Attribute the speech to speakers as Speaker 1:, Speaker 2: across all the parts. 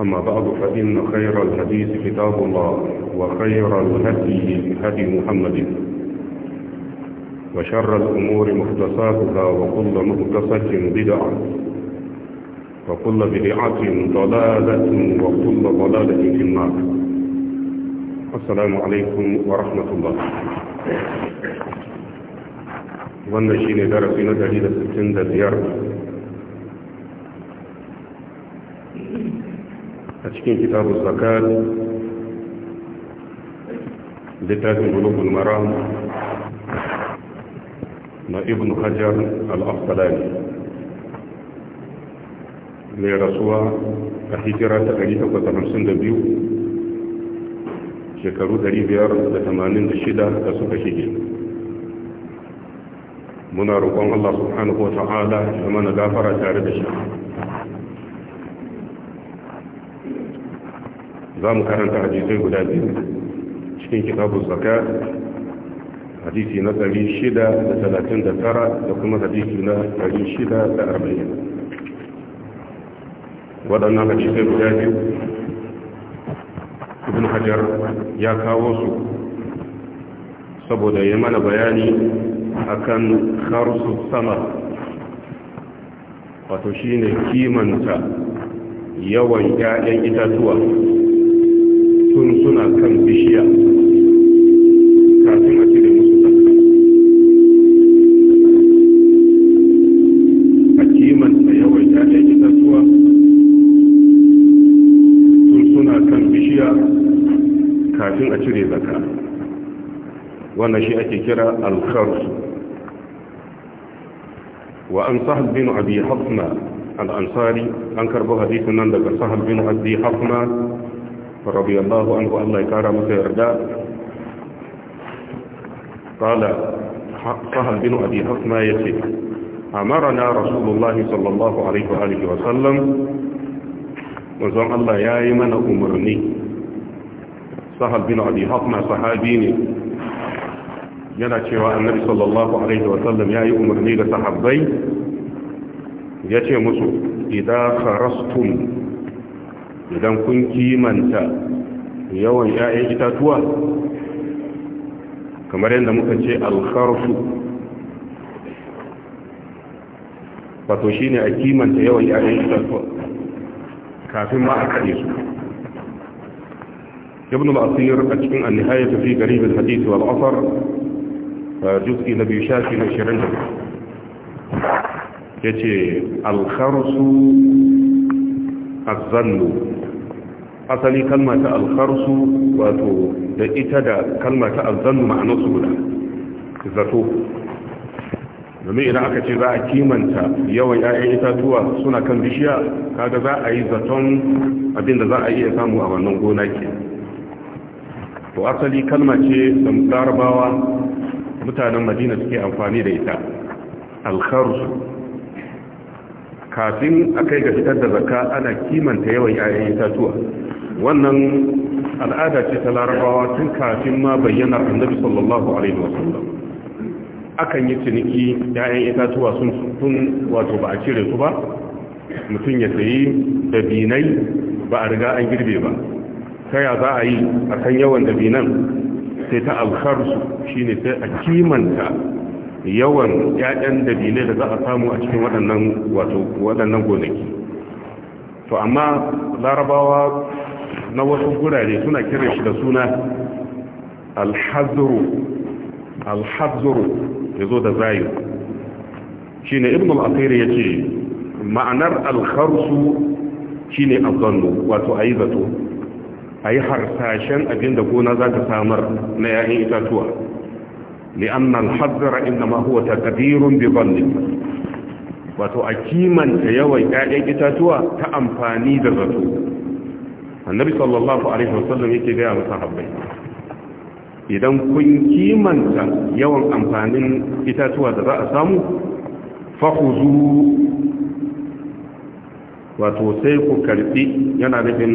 Speaker 1: أما بعد فإن خير الحديث كتاب الله وخير الهدي هدي محمد وشر الأمور محدثاتها وكل محدثة بدعة وكل بدعة ضلالة وكل ضلالة في النار السلام عليكم ورحمة الله wannan shine darasi na 165 cikin kitabun zakat littafin gulubul maram na ibn hajar al-afdalani mai rasuwa a hijira ta 1852 shekaru 586 da suka shige muna roƙon Allah subhanahu wa ta'ala ya mana gafara tare da shi za mu karanta hadisai guda biyu cikin kitabun zaka hadisi na shida da talatin da da tara kuma hadisi na shida da arba'in waɗannan hadisai guda biyu ibn hajar ya kawo su saboda ya mana bayani akan harsu sama wato ne kimanta yawan 'ya'yan itatuwa tun suna kan bishiya kafin a cire musu tsakka a kimanta yawan ya'yan itatuwa tun suna kan bishiya kafin a cire zaka wannan shi ake kira alkharsu وأن سهل بن أبي حصمة الأنصاري أنكر به حديثنا لك سهل بن أبي حصمة radiyallahu anhu Allah ya masa yarda qala sahal bin abi hasma yace amarna rasulullah sallallahu alaihi wa sallam manzon Allah yayi mana umarni sahal bin abi hasma sahabi ne yana cewa annabi sallallahu alaihi wa sallam yayi umarni ga sahabbai yace musu idza kharastum idan kun kimanta yawan 'ya'yan itatuwa kamar yadda muka ce alkharfu wato ne a kimanta yawan 'ya'yan itatuwa kafin ma a kare su ibn al-asir a cikin an ta fi garib al-hadith wal asar juz'i na biyu shafi na 20 yace al-kharsu az-zannu asali kalma ta alkharsu wato da ita da kalma ta alzannu su guda zato domin idan aka ce za a kimanta yawan 'ya'yan itatuwa suna kan bishiya kaga za a yi zaton abinda za a iya samu a wannan gona ke to asali kalma ce da larabawa mutanen madina suke amfani da ita alkharsu kafin a kai ga fitar da zakka ana kimanta yawan 'ya'yan itatuwa wannan al'ada ce ta larabawa tun kafin ma bayyana annabi sallallahu alaihi wasallam akan yi ciniki ‘ya'yan itatuwa sun tun wato ba a cire su ba mutum ya sayi dabinai ba a riga an girbe ba ta ya za a yi a kan yawan dabinan sai ta alkharsu shine ne sai a kimanta yawan ‘ya'yan dabinai da za a samu a cikin waɗannan gonaki to amma larabawa na wasu gurare suna kira shi da suna alhazuru alhazuru ya zo da zayu shi ne ibn al'asiri ya ce ma'anar alharsu shi ne azannu wato a yi zato a yi harsashen abinda gona za ta samar na ‘ya'yan itatuwa li'an alhazara inda ma huwa takadirun bi zannin wato a kimanta yawan ‘ya'yan itatuwa ta amfani da zato annabi sallallahu alaihi wasallam yake ga masa habbai idan kun kimanta yawan amfanin itatuwa da za a samu fahuzu wato sai ku karbi yana nufin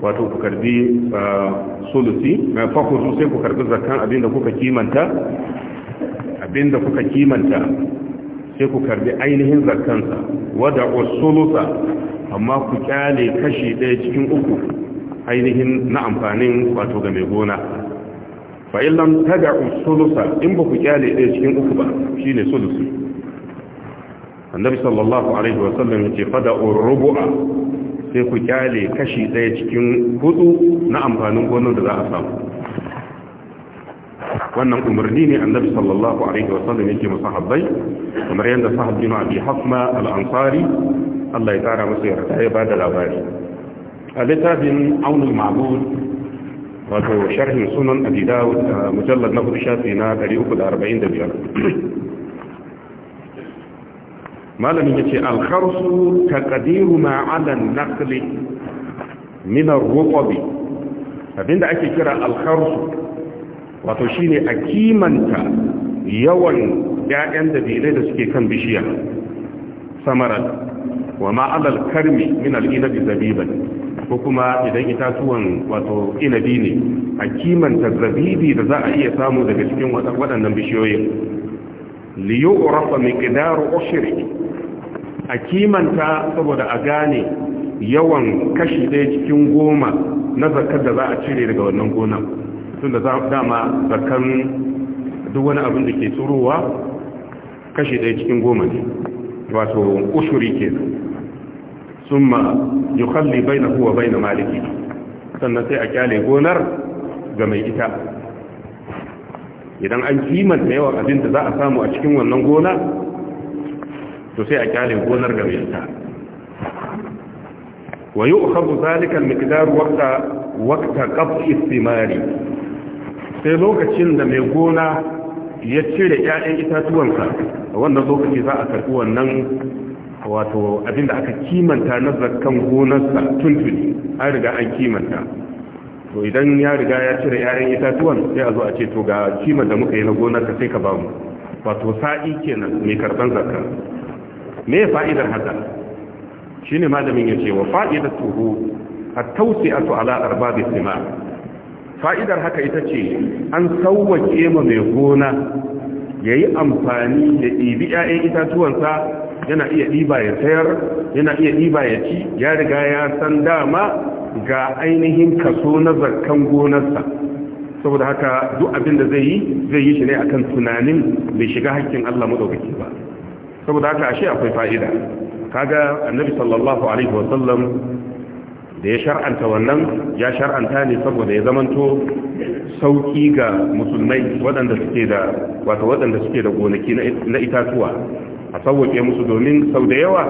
Speaker 1: wato ku karbi ah, solusi fahuzu sai ku karbi zakan abinda kuka kimanta abinda kuka kimanta sai ku karbi ainihin zakansa wadda usulusa amma ku kyale kashi ɗaya cikin uku ainihin na amfanin wato ga mai gona fa taga tad'u sulusa in ba ku kyale ɗaya cikin uku ba shine sulusu annabi sallallahu alaihi wa sallam ce fada rubu'a sai ku kyale kashi ɗaya cikin hudu na amfanin gonar da za a samu wannan umarni ne annabi sallallahu alaihi wa sallam, yake musahabbai kamar yadda sahabbin abi hasma al-ansari Allah ya tsara masa yarda ya bada labari a littafin aunul ma'bud wato sharhin sunan abi dawud mujallad na hudu shafi na 345 malamin yace al-kharsu taqdiru ma 'ala an-naqli min ar-ruqabi abinda ake kira al-kharsu wato shi ne a kimanta yawan ya'yan dabilai da suke kan bishiya samaran wa ma karmi min al zabiban ko kuma idan itatuwan wato inabi ne a kimanta zabibi da za a iya samu daga cikin waɗannan bishiyoyin li mai ƙidaru ushri a kimanta saboda a gane yawan kashi ɗaya cikin goma na zakar da za a cire daga wannan gona. tunda dama zakan duk wani abin da ke tsurowa kashi ɗaya cikin goma ne wato ushuri ke sun ma yi kalli bai na kuwa bai na maliki sannan sai a kyale gonar ga mai ita idan an kimanta yawan abin da za a samu a cikin wannan gona to sai a kyale gonar ga mai ita wa yi uhabu zalikan mikdar wakta wakta istimari sai lokacin da mai gona ya cire 'ya'yan itatuwansa a wannan lokaci za a karɓi wannan wato abinda aka kimanta na zakan gonarsa tuntuni an riga an kimanta to idan ya riga ya cire 'ya'yan itatuwan sai a zo a ce to ga kimanta muka yi na gonarka sai ka bamu wato sa'i kenan mai karɓar zakar me fa'idar haka shine malamin ya ce wa fa'idatuhu at-tawsi'atu ala Arba as-sima' fa'idar haka ita ce an sauwake ma mai gona ya yi amfani da ɗibi ‘ya'yan itatuwansa yana iya ɗiba ya sayar yana iya ɗiba ya ci ya riga ya san dama ga ainihin kaso na zarkan gonarsa saboda haka duk abin da zai yi zai yi shi ne akan tunanin bai shiga hakkin Allah madaukaki ba saboda haka ashe akwai fa'ida kaga annabi sallallahu alaihi wasallam da ya shar'anta wannan ya shar'anta ne saboda ya zamanto sauki ga musulmai waɗanda suke da wato waɗanda suke da gonaki na itatuwa a sauwake musu domin sau da yawa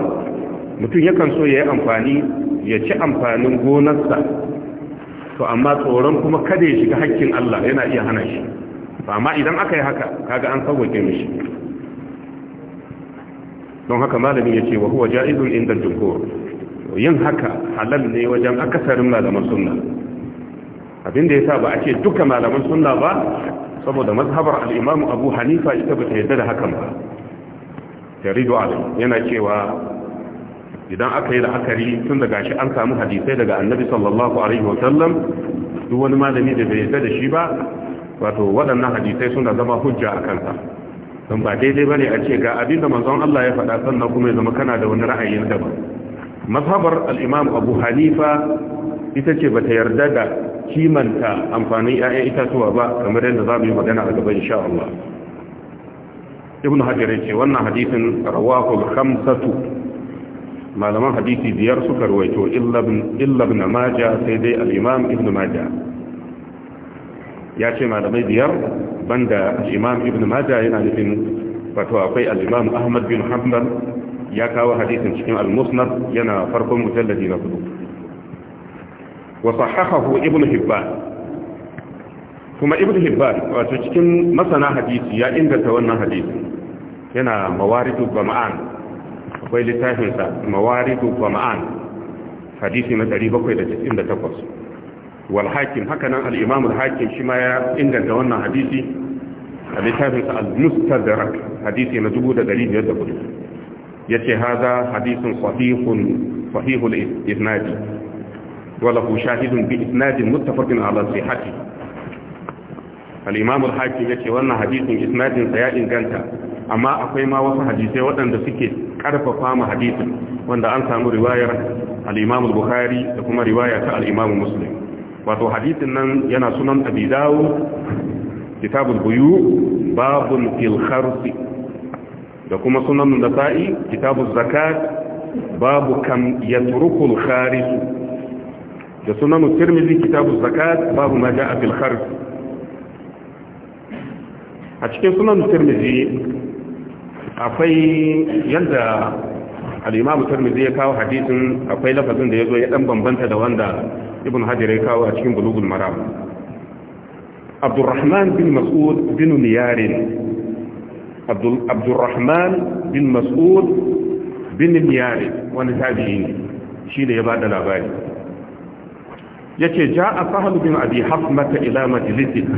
Speaker 1: mutum yakan so ya yi amfani ya ci amfanin gonarsa to amma tsoron kuma kada ya shiga hakkin Allah yana iya hana shi amma idan aka yi haka kaga an sauwake mishi don haka malamin ya ce wa huwa ja'idun inda jumhur yin haka halal ne wajen akasarin malaman sunna abinda ya sa ba a ce duka malaman sunna ba saboda mazhabar al'imamu abu hanifa ita ba ta yadda da hakan ba jaridu alim yana cewa
Speaker 2: idan aka yi la'akari tun daga shi an samu hadisai daga annabi sallallahu alaihi wasallam duk wani malami da bai yadda da shi ba
Speaker 1: wato waɗannan hadisai suna zama hujja a kansa don ba daidai ba ne a ce ga abin da manzon Allah ya faɗa sannan kuma ya zama kana da wani ra'ayin daban mazhabar al'imam abu hanifa ita ce ba ta yarda da kimanta amfanin 'ya'yan itatuwa ba kamar yadda za mu yi magana a gaban sha Allah ibn hajar ce wannan hadisin rawahu khamsatu malaman hadisi biyar suka ruwaito illa ibn sai dai Alimam ibn Maja. ya ce malamai biyar banda al-imam ibn Maja yana nufin wato akwai Alimam ahmad bin Hamdan. ya kawo hadisin cikin al-musnad yana farkon mujalladi na hudu wa sahahahu ibn hibban kuma ibn hibban wato cikin masana hadisi ya inganta wannan hadisi yana mawaridu ma'an. akwai littafin sa mawaridu ma'an. hadisi na 798 wal hakim haka nan al-imam al-hakim shi ma ya inganta wannan hadisi a littafin sa al-mustadrak hadisi na 1504 yace haza hadithun sahihun sahihul isnadi wala ku shahidun bi isnadin muttafaqin ala sihhati al-imam al-hakim yace wannan hadisin isnadin ya inganta amma akwai ma wasu hadisai waɗanda suke karfafa ma wanda an samu riwayar al bukhari da kuma riwaya ta al-imam muslim wato hadisin nan yana sunan abi kitabul buyu babun fil da kuma sunan fa'i, kitabun zakat babu kam ya yatrukul kharij da sunan tirmidhi kitabun zakat babu ma ja'a fil kharij a cikin sunan tirmidhi akwai yadda al-imam ya kawo hadisin akwai lafazin da ya zo ya ɗan bambanta da wanda ibn hajar ya kawo a cikin bulugun maram abdurrahman bin mas'ud bin niyarin abdurrahman bin mas'ud bin yare wani tabi'i ne shi ne ya ba da labari ya ce ja a fahal bin abi hafmata ila majalisika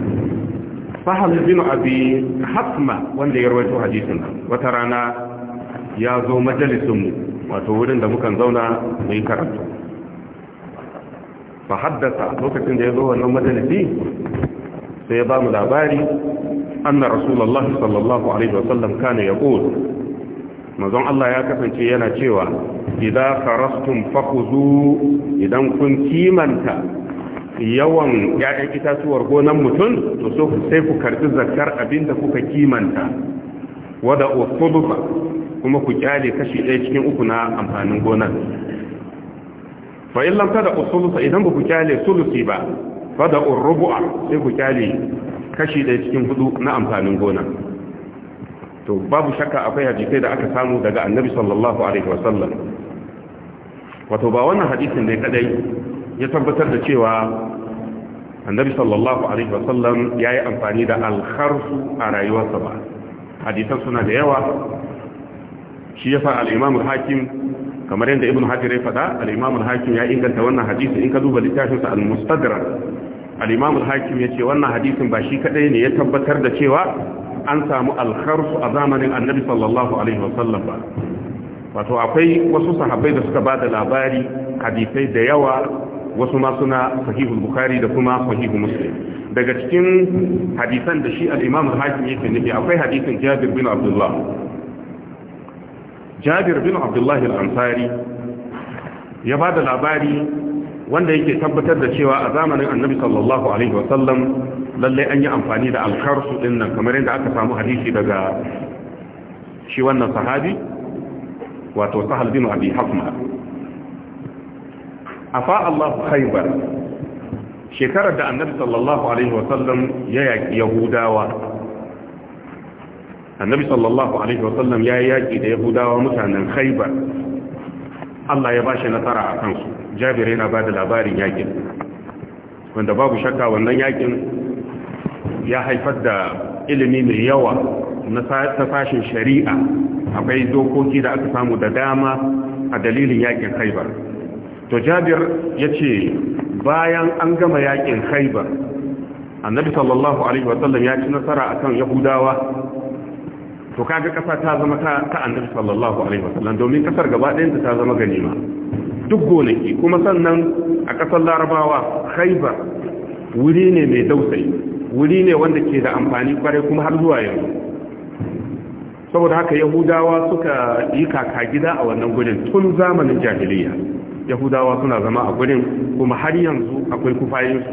Speaker 1: fahal bin abi hafma wanda ya rawaito hadisin wata rana ya zo mu wato wurin da mukan zauna mai karatu fa haddasa lokacin da ya zo wannan majalisi sai ya ba mu labari anna rasulullahi sallallahu alaihi wasallam kana yaqul manzon Allah ya kasance yana cewa idan farastum fakhuzu idan kun kimanta yawan ya'yan itatuwar gonan mutum to so sai ku karbi zakar abinda kuka kimanta wada usudufa kuma ku kyale kashi ɗaya cikin uku na amfanin gonan fa in lam tada usulusa idan ba ku kyale sulusi ba fada urbu'a sai ku kyale kashi ɗaya cikin hudu na amfanin gona to babu shakka akwai hadisai da aka samu daga annabi sallallahu alaihi wasallam wato ba wannan hadisin ne kadai ya tabbatar da cewa annabi sallallahu alaihi wasallam ya yi amfani da alkharsu a rayuwarsa ba hadisan suna da yawa shi ya al-imam hakim kamar yadda ibn hajar ya faɗa al'imamin hakim ya inganta wannan hadisi in ka duba littafinsa al-mustadrak al-imam ya ce wannan hadisin ba shi kaɗai ne ya tabbatar da cewa an samu alkharsu a zamanin annabi sallallahu alaihi wasallam ba wato akwai wasu sahabbai da suka ba da labari hadisai da yawa wasu ma suna sahihul bukhari da kuma sahihu muslim daga cikin hadisan da shi al-imam ya hakim nufi akwai hadisin jabir bin abdullah jabir bin abdullah al-ansari ya bada labari wanda yake tabbatar da cewa a zamanin annabi sallallahu alaihi wasallam lalle an yi amfani da alkarsu din nan kamar yadda aka samu hadisi daga shi wannan sahabi wato sahal bin abi hafma afa Allah khaybar shekarar da annabi sallallahu alaihi wasallam ya yaki yahudawa annabi sallallahu alaihi wasallam ya yaki da yahudawa mutanen khaybar Allah ya bashi nasara a kansu jabir yana ba da labarin yakin wanda babu shakka wannan yakin ya haifar da ilimi mai yawa na sashin shari'a akwai dokoki da aka samu da dama a dalilin yakin haibar to jabir ya ce bayan an gama yakin haibar annabi sallallahu alaihi wasallam ya ci nasara akan yahudawa to kaga kasa ta zama ta annabi sallallahu alaihi wasallam domin kasar gaba ɗayanta ta zama ganima duk gonaki kuma sannan a ƙasar larabawa haiba wuri ne mai dausayi wuri ne wanda ke da amfani kwarai kuma har zuwa yanzu saboda haka yahudawa suka yi kaka gida a wannan gudun tun zamanin jahiliya yahudawa suna zama a gudun kuma har yanzu akwai kufayinsu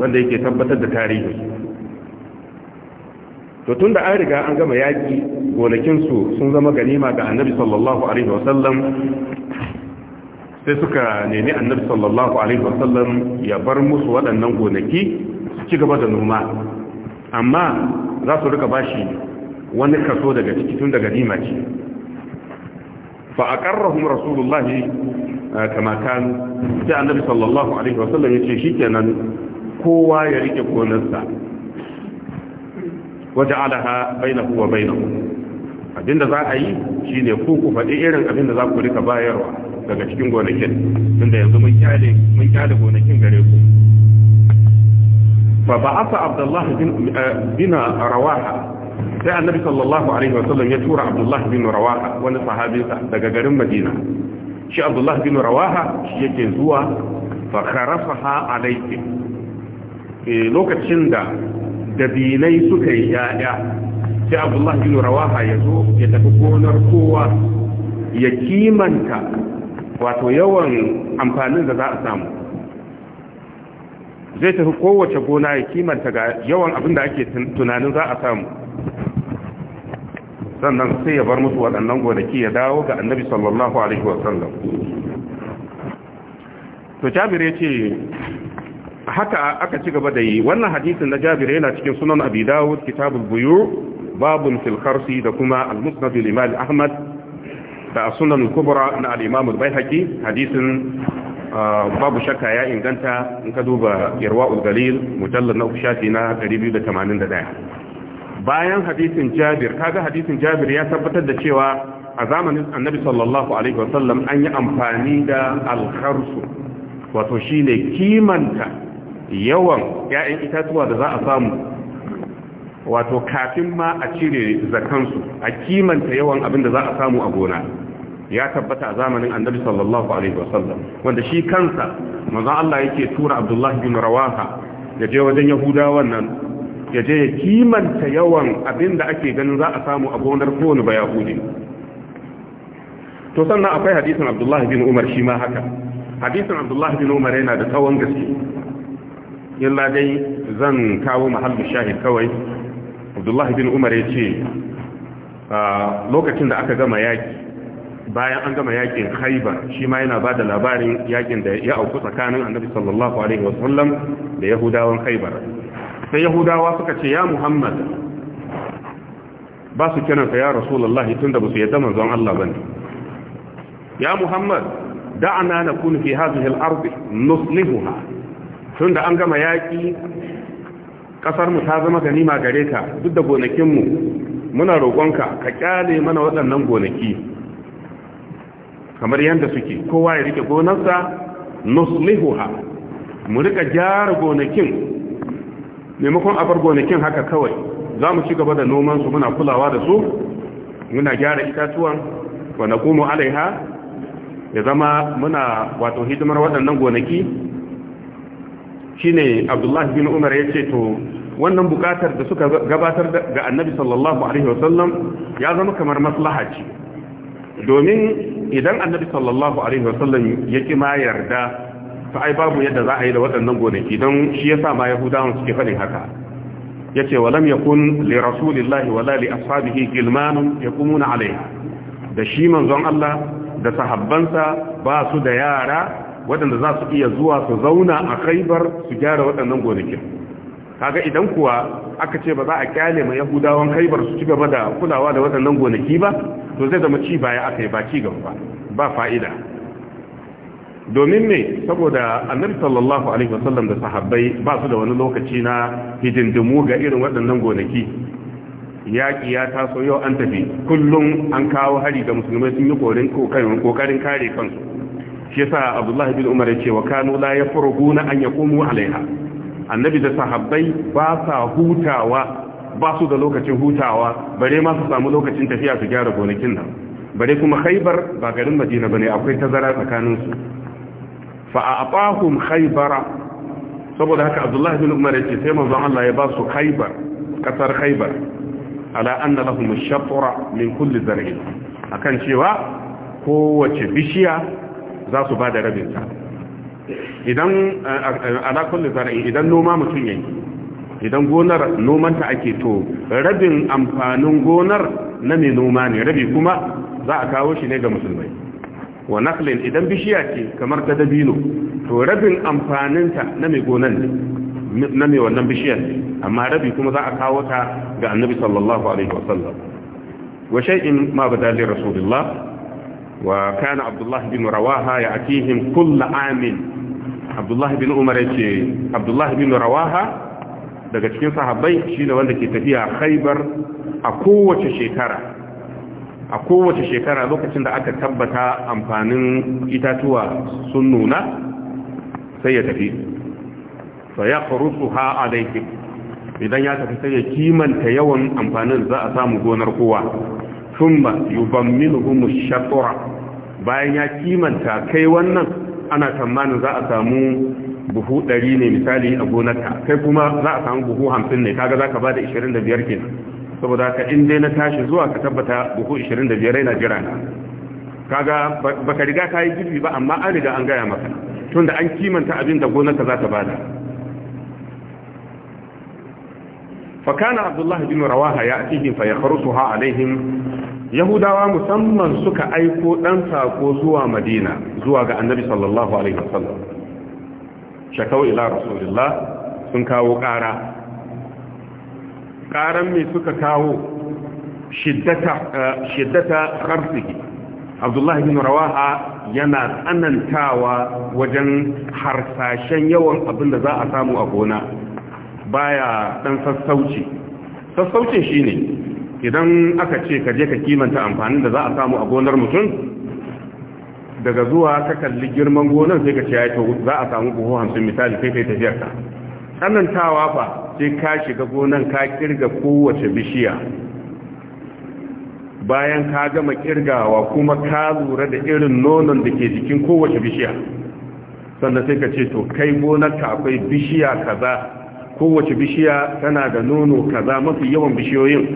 Speaker 1: wanda yake tabbatar da tarihi. to tun da an riga an gama yaƙi gonakinsu sun zama ganima ga annabi sallallahu alaihi wasallam sai suka nemi annabi sallallahu alaihi wasallam ya bar musu waɗannan gonaki su ci gaba da noma amma za su rika bashi wani kaso daga ciki tun daga nima ce fa aqarrahum rasulullahi eh, kama kan sai annabi sallallahu alaihi wasallam ya ce shikenan kowa ya rike gonarsa waja'alaha bainahu wa bainahum abinda za a yi shine ku ku faɗi irin abinda za ku rika bayarwa daga cikin gonakin da yanzu mun kyale gonakin gare ku fa ba'atha abdullahi eh, bin rawaha sai annabi sallallahu alaihi wa sallam ya tura abdullahi bin rawaha wani sahabinsa daga garin madina shi abdullahi bin rawaha yake zuwa fa kharafaha alayki e, lokacin da dabinai suka yi yaya sai abdullahi bin rawaha ya zo ya tafi gonar kowa ya kimanta wato yawan amfanin da za a samu zai tafi kowace gona ya kimanta ga yawan abin da ake tunanin za a samu sannan sai ya bar musu waɗannan gonaki ya dawo ga annabi sallallahu alaihi wasallam to jabir ya ce haka aka ci gaba da yi wannan hadisin na jabir yana cikin sunan abi dawud kitabul buyu babun fil kharsi da kuma al-musnad al ahmad da sunan kubra na al-imam al hadisin ah, babu shakka ya inganta in ka duba irwaul galil mujallal na shafi na 281 bayan hadisin jabir kaga hadisin jabir ya tabbatar da cewa a zamanin annabi sallallahu alaihi wasallam an yi amfani da al-kharsu wato shine kimanta yawan ya'yan itatuwa da za a samu wato kafin ma a cire zakansu a kimanta yawan abin da za a samu a gona ya tabbata a zamanin annabi sallallahu alaihi wasallam wanda shi kansa manzo Allah yake tura Abdullah bin Rawaha ya je wajen Yahudawan nan ya je ya kimanta yawan abin da ake ganin za a samu a gonar kowane ba Yahudi to sannan akwai hadisin Abdullah bin Umar shi ma haka hadisin Abdullah bin Umar yana da tsawon gaske illa dai zan kawo mahallin shahid kawai abdullahi bin umar ya ce lokacin da aka gama yaƙi bayan an gama yaƙin haibar shi ma yana ba da labarin yaƙin da ya auku tsakanin annabi sallallahu alaihi wasallam da yahudawan haibar sai yahudawa suka ce ya muhammad ba su kiransa ya rasulullahi tun da ba su yadda manzon Allah ba ne ya muhammad da'ana na kun fi hazihil ardi nuslihuha tun da an gama yaƙi. kasar ta zama ganima gare ka duk da gonakinmu mu muna roƙonka ka kyale mana waɗannan gonaki kamar yadda suke kowa ya rike gonarsa nuslihuha mu rika gyara gonakin maimakon a gonakin haka kawai za mu ci gaba da noman muna kulawa da su muna gyara itatuwan wa na kuma alaiha ya zama muna wato hidimar waɗannan gonaki shine abdullahi bin umar ya ce to wannan bukatar da suka gabatar ga annabi sallallahu alaihi wasallam ya zama kamar maslaha ce domin idan annabi sallallahu alaihi wasallam ya ki ma yarda fa ai babu yadda za a yi da waɗannan gonaki don shi yasa ma yahudawan suke faɗin haka yace walam yakun li rasulillahi wala li ashabihi gilmanun yakumuna alaiha da shi manzon Allah da sahabbansa ba su da yara waɗanda za su iya zuwa su zauna a khaibar su gyara waɗannan gonakin kaga idan kuwa aka ce ba za a kyale ma yahudawan khaibar su ci gaba da kulawa da waɗannan gonaki ba to zai zama ci baya aka yi ba ci gaba ba ba fa'ida domin ne saboda annabi sallallahu alaihi wasallam da sahabbai ba su da wani lokaci na hidindimu ga irin waɗannan gonaki yaƙi ya taso yau an tafi kullum an kawo hari ga musulmai sun yi ƙoƙarin kare kansu shi yasa abdullahi bin umar yace wa kanu la yafruguna an yaqumu alaiha annabi da sahabbai ba sa hutawa ba su da lokacin hutawa bare ma su samu lokacin tafiya su gyara gonakin nan bare kuma khaybar ba garin madina bane akwai tazara tsakanin su fa a'tahum khaybara saboda haka abdullahi bin umar yace sai manzon Allah ya ba su khaybar kasar khaybar ala anna lahum ash-shatra min kulli zar'in akan cewa kowace bishiya za su ba da sa idan alakulli zara'in idan noma mutum yayi idan gonar nomanta ake to rabin amfanin gonar na mai noma ne rabi kuma za a kawo shi ne ga musulmai wa naklin idan bishiya ce kamar ta dabino to rabin amfaninta na mai gonar ne na mai wannan bishiyar amma rabi kuma za a kawo ta ga annabi sallallahu alaihi wasallam wa shay'in ma badali rasulullah وكان عبد الله بن رواها يأتيهم كل عام عبد الله بن عمر عبد الله بن رواها daga cikin sahabbai shine wanda ke tafiya Khaibar a kowace shekara a kowace shekara lokacin da aka tabbata amfanin itatuwa sun nuna sai ya tafi fa yaqrusuha alayhi idan ya tafi sai ya kimanta yawan amfanin za a samu gonar kowa thumma yubamminuhum ash-shatra bayan ya kimanta kai wannan ana tsammanin za a samu buhu 100 ne misali a gonarka kai kuma za a samu buhu 50 ne kaga zaka bada 25 kenan saboda ka in dai na tashi zuwa ka tabbata buhu 25 yana jira na kaga baka riga kai girbi ba amma an riga an gaya maka tunda an kimanta abin da gonarka za ta bada fakana abdullahi bin rawaha ya atihi fa yakhrusuha alaihim yahudawa musamman suka aiko dan sako zuwa madina zuwa ga annabi sallallahu alaihi wasallam shakau ila rasulillah sun kawo ƙara ƙaran mai suka kawo shiddata harfiki abdullahi bin rawaha yana tsanantawa wajen harsashen yawan abin da za a samu a gona baya dan sassauci sassaucin shine idan aka ce ka je ka kimanta amfanin da za a samu a gonar mutum daga zuwa ka kalli girman gonar sai ka ce ya za a samu buhu hamsin misali sai kai tafiyar ka ta fa sai ka shiga gonar ka kirga kowace bishiya bayan ka gama kirgawa kuma ka lura da irin nonon da ke jikin kowace bishiya sannan sai ka ce to kai gonar ka akwai bishiya kaza kowace bishiya tana da nono kaza mafi yawan bishiyoyin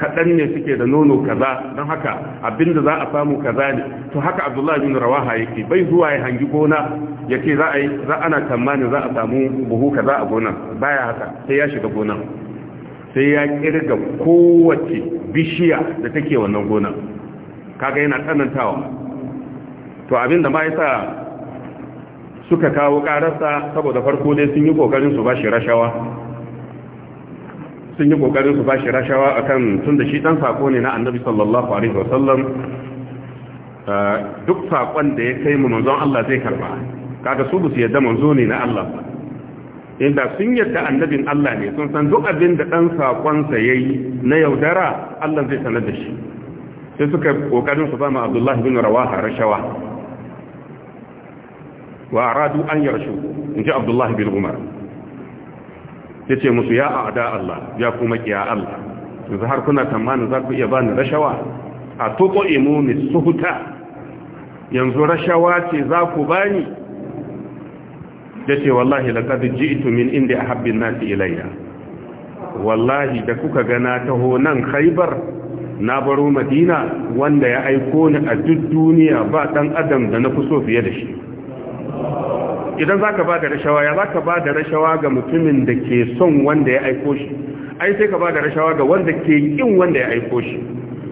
Speaker 1: kaɗan ne suke da nono kaza don haka abinda za a samu kaza ne to haka abdullahi bin rawaha yake bai zuwa ya hangi gona yake za a yi za ana tamani za a samu buhu kaza a gonan baya haka sai ya shiga gona sai ya kirga kowace bishiya da take wannan gona kaga yana tsanantawa to abinda ma yasa suka kawo ƙararsa saboda farko dai sun yi ƙoƙarin su ba shi rashawa sun yi ƙoƙarin su ba shi rashawa a kan tun da shi ɗan saƙo ne na annabi sallallahu alaihi wasallam duk saƙon da ya kai mu manzon Allah zai karba kaga su bu su yadda manzo ne na Allah inda sun yadda annabin Allah ne sun san duk abin da ɗan saƙonsa ya yi na yaudara Allah zai sanar da shi sai suka ƙoƙarin su ba ma Abdullahi bin Rawaha rashawa wa aradu an yarshu in ji abdullahi bin umar ya ce musu ya a'ada Allah ya kuma kiya Allah yanzu har kuna tamanin za ku iya ba rashawa a tuto imuni suhuta yanzu rashawa ce za ku ba ni ya ce wallahi laƙadu ji'itu min inda a habbin nasi ilayya wallahi da kuka gana taho nan khaibar na baro madina wanda ya aiko ni a duk duniya ba ɗan adam da na fi so fiye da shi idan zaka ba da rashawa ya zaka ba da rashawa ga mutumin da ke son wanda ya aiko shi ai sai ka ba da rashawa ga wanda ke kin wanda ya aiko shi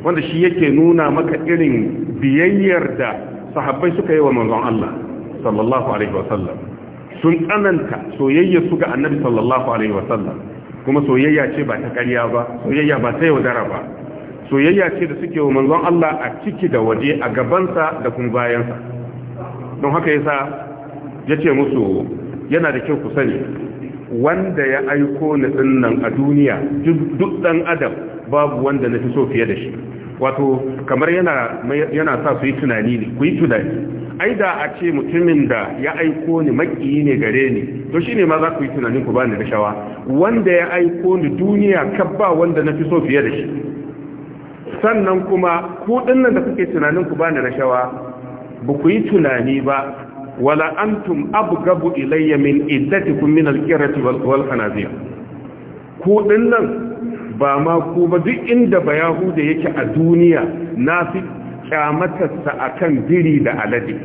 Speaker 1: wanda shi yake nuna maka irin biyayyar da sahabbai suka yi wa manzon Allah sallallahu alaihi wasallam sun tsananta soyayya su ga annabi sallallahu alaihi wasallam kuma soyayya ce ba ta ƙarya ba soyayya ba ta yaudara ba soyayya ce da suke wa manzon Allah a ciki da waje a gabansa da kuma bayansa don haka yasa ya ce musu yana da kyau ku sani wanda ya aiko ni dinnan a duniya duk dan adam babu wanda na fi so fiye da shi wato kamar yana yana sa su yi tunani ne ku yi tunani ai da a ce mutumin da ya aiko ni makki ne gare ni to shine ma za ku yi tunanin ku ba ni rashawa wanda ya aiko ni duniya ba wanda na fi so fiye da shi sannan kuma ku dinnan da kuke tunanin ku ba ni rashawa ba ku yi tunani ba wala antum abgabu ilayya min iddatikum min al-qirati wal khanazir ku ba ma ku ba duk inda ba yahuda yake a duniya na fi kyamatarsa akan biri da alade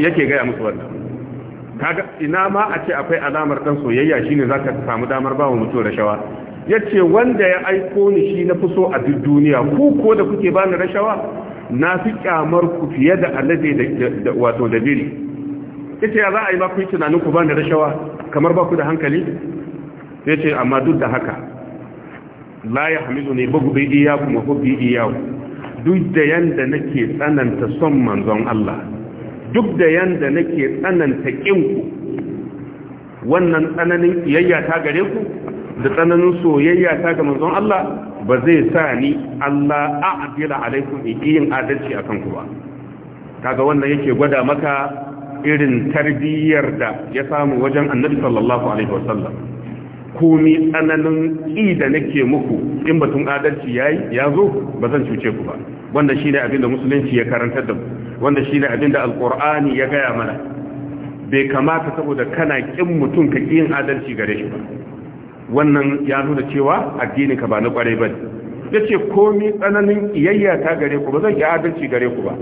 Speaker 1: yake gaya musu wannan kaga ina ma a ce akwai alamar dan soyayya shine zaka samu damar ba mutum rashawa yace wanda ya aiko ni shi na fuso a duk duniya ku ko da kuke bani rashawa na fi kyamar ku fiye da alade da wato da biri yace ya za a yi ba ku tunanin ku ba da rashawa kamar ba ku da hankali sai ce amma duk da haka la ya hamizu ne bugu bi iyaku ma iya ku duk da yanda nake tsananta son manzon Allah duk da yanda nake tsananta kinku wannan tsananin iyayya ta gare ku da tsananin soyayya ta ga manzon Allah ba zai sa ni Allah a'dila alaikum yin adalci akan ku ba kaga wannan yake gwada maka irin tarbiyyar da ya samu wajen Annabi sallallahu alaihi wasallam komi tsananin ki da nake muku in batun adalci yayi ya zo ba zan cuce ku ba wanda shine abin da musulunci ya karantar da mu wanda shine abin da alqur'ani ya gaya mana bai kamata saboda kana kin mutum ka yin adalci gare shi ba wannan ya nuna cewa addini ka ba na kwarai ba ya ce komi tsananin iyayya ta gare ku ba zan yi adalci gare ku ba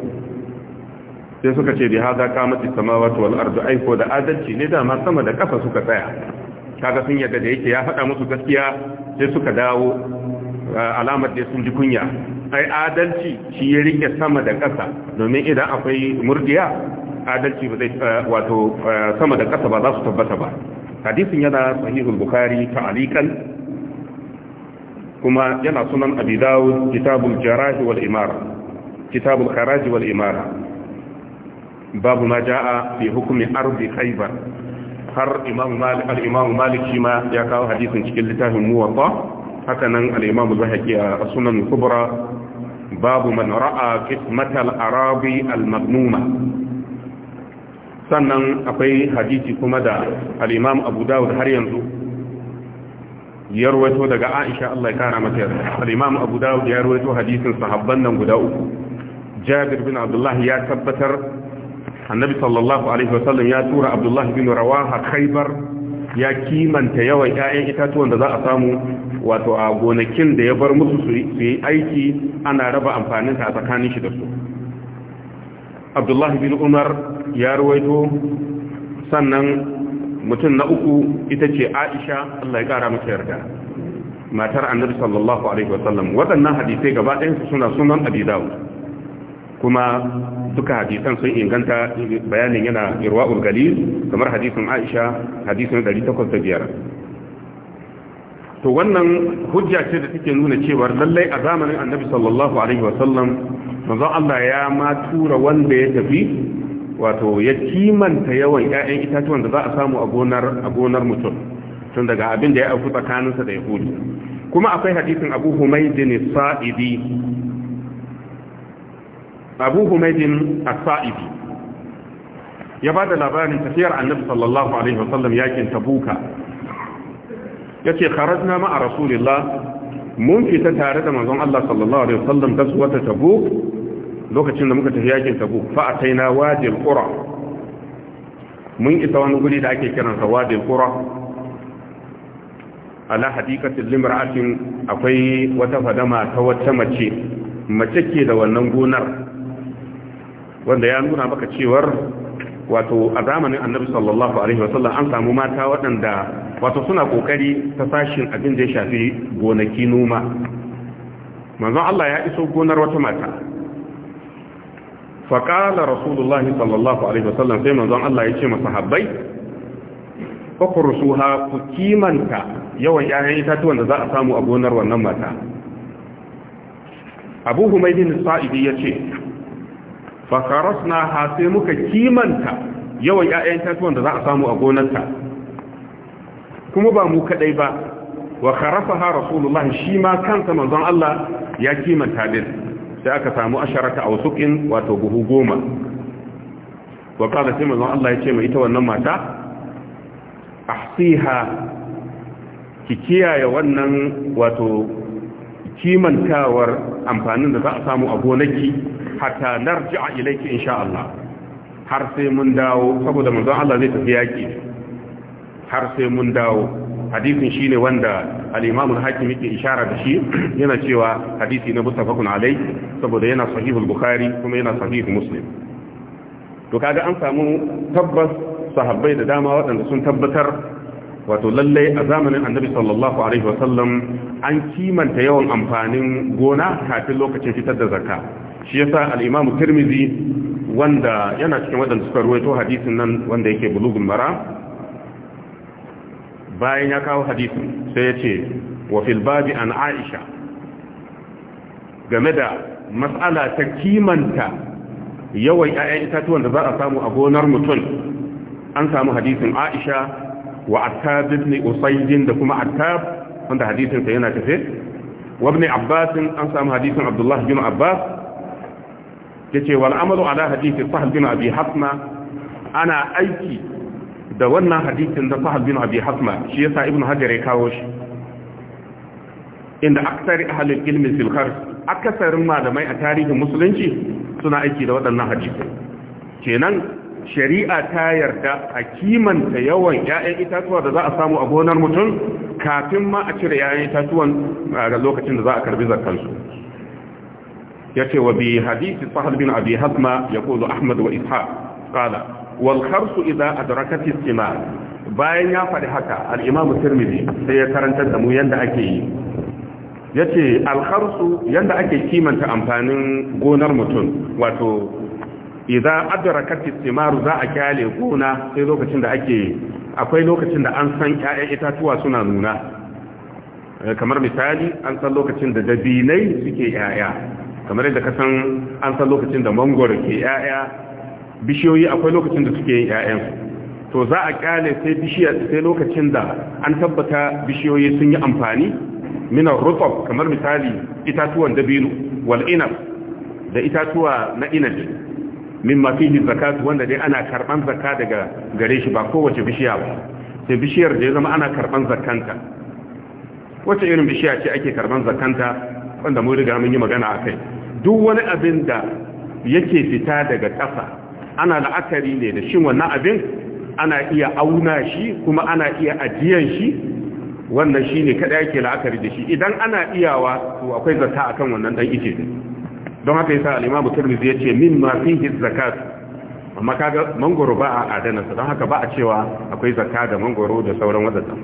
Speaker 1: sai suka ce bi haza kamati samawati wal ardu aiko da adalci ne dama sama da kafa suka tsaya kaga sun yadda da yake ya faɗa musu gaskiya sai suka dawo eh, alamar da sun ji kunya ai adalci shi ya rike sama da ƙasa domin idan akwai murdiya adalci ba zai eh, wato eh, sama da ƙasa ba za su tabbata ba hadisin yana sahihul bukhari ta'alikan kuma yana sunan abi dawud kitabul jarah wal imara kitabul Karaji wal imara babu ma jaa fi hukmi ardi khaybar har imam malik al imam malik ma ya kawo hadisin cikin littafin muwatta haka nan al imam al a sunan kubra babu man ra'a qismatal arabi al-magnuma sannan akwai hadisi kuma da al-imam abu dawud har yanzu ya ruwaito daga aisha Allah ya kara mata yarda al-imam abu dawud ya ruwaito hadisin sahabban nan guda uku jabir bin abdullah ya tabbatar annabi sallallahu alaihi wasallam ya tura abdullah bin rawaha khaybar ya kimanta yawan ƴaƴan itatuwan da za a samu wato a gonakin da ya bar musu su yi aiki ana raba amfanin ta a tsakanin shi da su abdullahi bin umar ya ruwaito sannan mutum na uku ita ce aisha allah ya kara mata yarda matar annabi sallallahu alaihi wasallam waɗannan hadisai gaba ɗayansu suna sunan abi kuma duka hadisan sun inganta bayanin yana irwa'ul galil kamar hadisin aisha hadisin 805 to wannan hujja ce da take nuna cewa lallai a zamanin annabi sallallahu alaihi wasallam manzo Allah ya ma tura wanda ya tafi wato ya kimanta yawan ƴaƴan itatuwan da za a samu a gonar a gonar mutum tun daga abin da ya auku tsakaninsa da yahudi kuma akwai hadisin abu humaydin sa'idi abu Humaydi as-sa'idi ya bada labarin tafiyar annabi sallallahu alaihi wasallam yakin tabuka yace kharajna a rasulillah mun fita tare da manzon Allah sallallahu alaihi wasallam da su wata tabuk lokacin da muka tafi yakin tabuk fa ataina wadi qura mun isa wani guri da ake kiransa wadi qura ala hadikatin limra'atin akwai wata fadama ta wata mace mace ke da wannan gonar wanda ya nuna maka cewar wato a zamanin annabi sallallahu alaihi wasallam an samu mata waɗanda wato suna kokari ta sashin abin da ya shafi gonaki noma manzon Allah ya iso gonar wata mata faƙala rasulullah sallallahu alaihi wasallam sai manzon Allah ya ce masahabbai fakursuha ku kimanta yawan 'ya'yan itatuwan da za a samu a gonar wannan mata abu humaydin sa'idi ya ce fakarasna ha sai muka kimanta yawan 'ya'yan tatuwan da za a samu a gonarta kuma ba mu kadai ba wa kharafaha rasulullah shi ma kansa manzon Allah ya kimanta din sai aka samu asharata a wasuƙin wato buhu goma wa kada sai manzon Allah ya ce mai ita wannan mata ahsiha ki kiyaye wannan wato kimantawar amfanin da za a samu a gonaki hatta narji'a ilaiki insha Allah har sai mun dawo saboda manzon Allah zai tafi yaki har sai mun dawo hadisin shine wanda al-Imam al-Hakim yake ishara da shi yana cewa hadisi na mutafakun alai saboda yana sahihul Bukhari kuma yana sahih Muslim to kaga an samu tabbas sahabbai da dama waɗanda sun tabbatar wato lallai a zamanin annabi sallallahu alaihi wasallam an kimanta yawan amfanin gona kafin lokacin fitar da zakka shi yasa al-imam Tirmizi wanda yana cikin waɗanda suka ruwaito hadisin nan wanda yake bulugul mara bayan ya kawo hadisin sai ya ce wa filbabi babi an aisha game da matsala ta kimanta yawan yayan itatuwan da za a samu a gonar mutum an samu hadisin aisha wa attab ibn da kuma attab wanda hadisin yana tafe wa ibn abbas an samu hadisin abdullah bin abbas yace wal amalu ala hadisi Fahd bin Abi Hasma ana aiki da wannan hadisin da Fahd bin Abi Hasma shi yasa Ibn Hajar ya kawo shi inda aksari halin ilmi fil kharj akasarin malamai a tarihin musulunci suna aiki da waɗannan hadithin kenan shari'a ta yarda a kimanta yawan 'ya'yan itatuwa da za a samu a gonar mutum kafin ma a cire 'ya'yan itatuwan a lokacin da za a karbi zakansu yace wa bi hadisi sahal bin abi hasma yaqulu ahmad wa ishaq qala wal kharsu idza adrakat istima bayan ya faɗi haka al-imam tirmidhi sai ya karantar da mu yanda ake yi yace al kharsu yanda ake kimanta amfanin gonar mutum wato idza adrakat istimar za a kyale gona sai lokacin da ake akwai lokacin da an san ƴaƴan itatuwa suna nuna eh, kamar misali an san lokacin da dabinai suke ƴaƴa kamar yadda ka san an san lokacin da mangoro ke ya'ya bishiyoyi akwai lokacin da suke ya'yan to za a kyale sai bishiya sai lokacin da an tabbata bishiyoyi sun yi amfani mina rutab kamar misali itatuwan dabino wal inab da itatuwa na inabi ma fihi zakat wanda dai ana karban zakka daga gare shi ba kowace bishiya ba sai bishiyar da ya zama ana karban zakanta wace irin bishiya ce ake karban zakanta wanda mun riga mun yi magana akai duk wani abin da yake fita daga ƙasa ana la'akari ne da shin wannan abin ana iya auna shi kuma ana iya ajiyan shi wannan shi ne kada yake la'akari da shi idan ana iyawa to akwai zata akan wannan ɗan ice don haka yasa al'imamu turmizi ya ce min ma fihi zakat amma kaga mangoro ba a sa, don haka ba a cewa akwai zakka da mangoro da sauran wadanda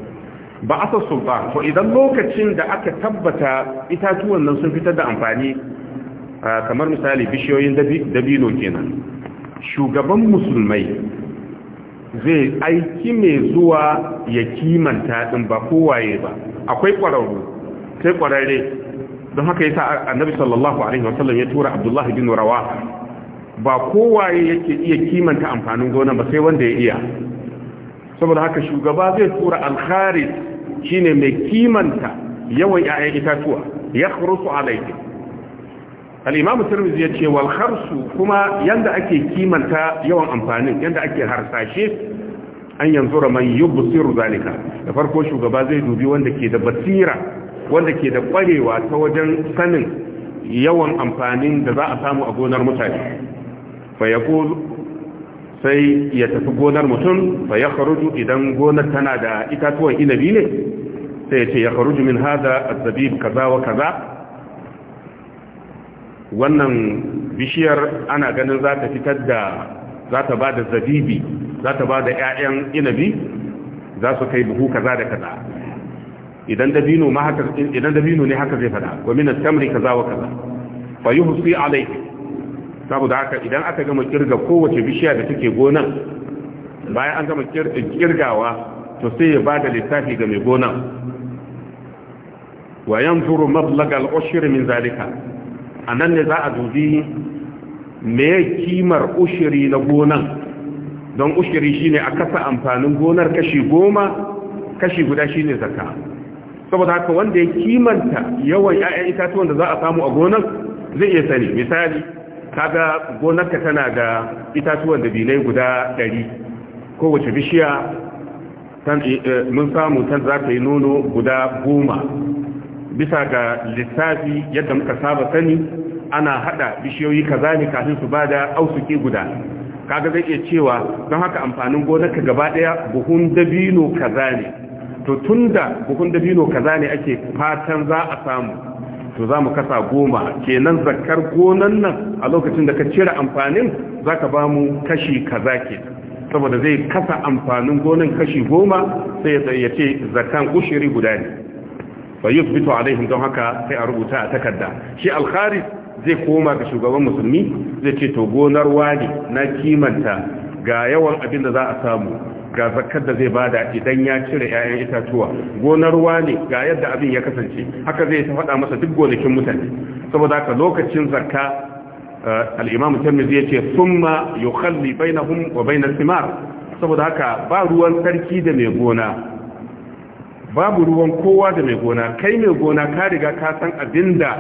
Speaker 1: ba a sassu ba ko idan lokacin da aka tabbata itatuwan nan sun fitar da amfani kamar misali bishiyoyin dabino kenan shugaban musulmai zai aiki mai zuwa ya kimanta din ba kowaye ba akwai ƙwararru sai ƙwararre don haka yasa annabi sallallahu alaihi wasallam ya tura abdullahi bin rawa ba kowaye yake iya kimanta amfanin gona ba sai wanda ya iya saboda haka shugaba zai tura alkharis shine mai kimanta yawan 'ya'yan itatuwa ya khurusu alaihi al'imamu turmizi ya ce wal harsu kuma yanda ake kimanta yawan amfanin yanda ake harsashe an yanzu man yubsiru zalika da farko shugaba zai dubi wanda ke da basira wanda ke da kwarewa ta wajen sanin yawan amfanin da za a samu a gonar mutane fa sai ya tafi gonar mutum fa ya kharuju idan gonar tana da itatuwan inabi ne sai ya ce ya kharuju min hada azabib kaza wa kaza wannan bishiyar ana ganin za ta fitar da za ta ba da zabibi za ta ba da 'ya'yan inabi za su kai buhu kaza da kaza idan dabino ma haka idan dabino ne haka zai fada wa min at-tamri kaza wa kaza fa yuhsi alayhi saboda haka idan aka gama kirga kowace bishiya da take gonan bayan an gama kirgawa to sai ya bada lissafi ga mai gonan wa yanzuru mablag al-ushr min zalika a nan ne za a dubi me kimar ushiri na gonan don ushiri shine a kasa amfanin gonar kashi goma kashi guda shine zakka saboda haka wanda ya kimanta yawan 'ya'yan itatuwan da za a samu a gonar zai iya sani misali kaga gonarka tana da itatuwan da bilai guda 100 kowace bishiya eh, mun samu tan za ta yi nono guda goma bisa ga lissafi yadda muka saba sani ana hada bishiyoyi kaza ne kafin su bada ausuki guda kaga zai iya cewa don haka amfanin gonarka gaba daya buhun dabino kaza ne to tunda buhun dabino kaza ne ake fatan za a samu to za mu kasa goma kenan zakkar gonan nan a lokacin da ka cire amfanin zaka ba mu kashi kaza ke saboda zai kasa amfanin gonan kashi goma sai ya ce zakan ushiri guda ne fa yuthbitu alaihim don haka sai a rubuta a takarda shi al zai koma ga shugaban musulmi zai ce to gonar wani na kimanta ga yawan abin da za a samu ga zakar da zai bada idan ya cire 'ya'yan itatuwa gonar wani ga yadda abin ya kasance haka zai faɗa masa duk gonakin mutane saboda haka lokacin zakka eh, al-imam tirmidhi yace thumma yukhalli bainahum wa bain al saboda haka ba ruwan sarki da mai gona babu ruwan kowa da mai gona kai mai gona ka riga ka san abinda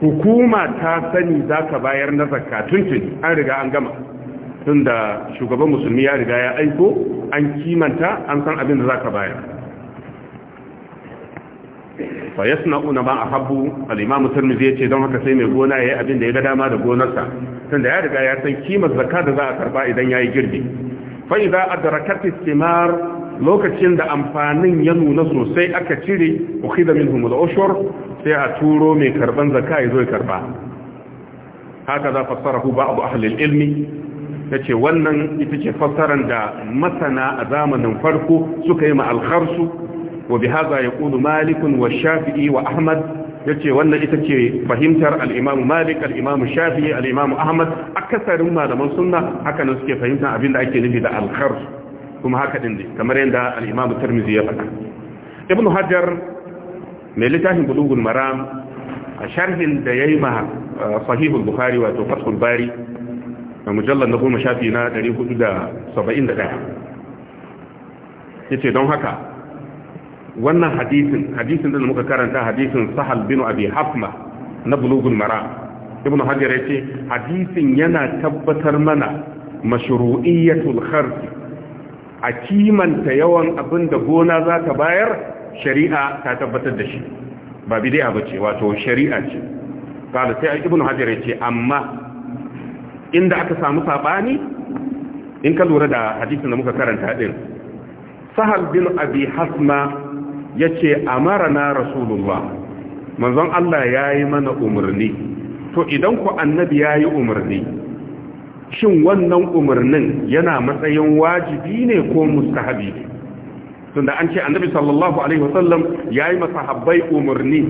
Speaker 1: hukuma ta sani zaka bayar na zakka tuntun an riga an gama tunda shugaban musulmi ya riga ya aiko an kimanta an san abin da zaka bayar fa ba a habbu al-imam zai yace don haka sai mai gona yayi abin da ya ga dama da gonarsa tunda ya riga ya san kimar zakka da za a karba idan ya yi girbi fa idza adrakat istimar lokacin da amfanin ya nuna sosai aka cire ukhida min al oshor sai a turo mai karban zaka ya zo ya karba haka za ku ba ahli al-ilmi ce wannan ita ce fassaran da masana a zamanin farko suka yi ma al-kharsu haza ya yaqulu malikun wa shafi'i wa ahmad ce wannan ita ce fahimtar al'imamu malik al'imamu shafi'i al ahmad akasarin malaman sunna haka nan suke fahimtar abin da ake nufi da al kuma haka din dai kamar yadda al-Imam Tirmidhi ya faɗa Ibn Hajar mai littafin Bulughul Maram a sharhin da yayi ma Sahihul Bukhari wato Fathul Bari a mujallal na goma shafi na 471 yace don haka wannan hadisin hadisin da muka karanta hadisin Sahal bin Abi Hafma na Bulughul Maram Ibn Hajar yace hadisin yana tabbatar mana mashru'iyyatul kharfi a kimanta yawan abin da gona za ta bayar shari'a ta tabbatar da shi ba bid'a bace wato shari'a ce kala sai ibnu hajar yace amma inda aka samu sabani in ka lura da hadisin da muka karanta din sahal bin abi hasma yace amarna rasulullah manzon Allah yayi mana umarni to idan ku annabi ya yi umarni shin wannan umarnin yana matsayin wajibi ne ko mustahabi ne tunda an ce annabi sallallahu alaihi wasallam yayi masahabbai umarni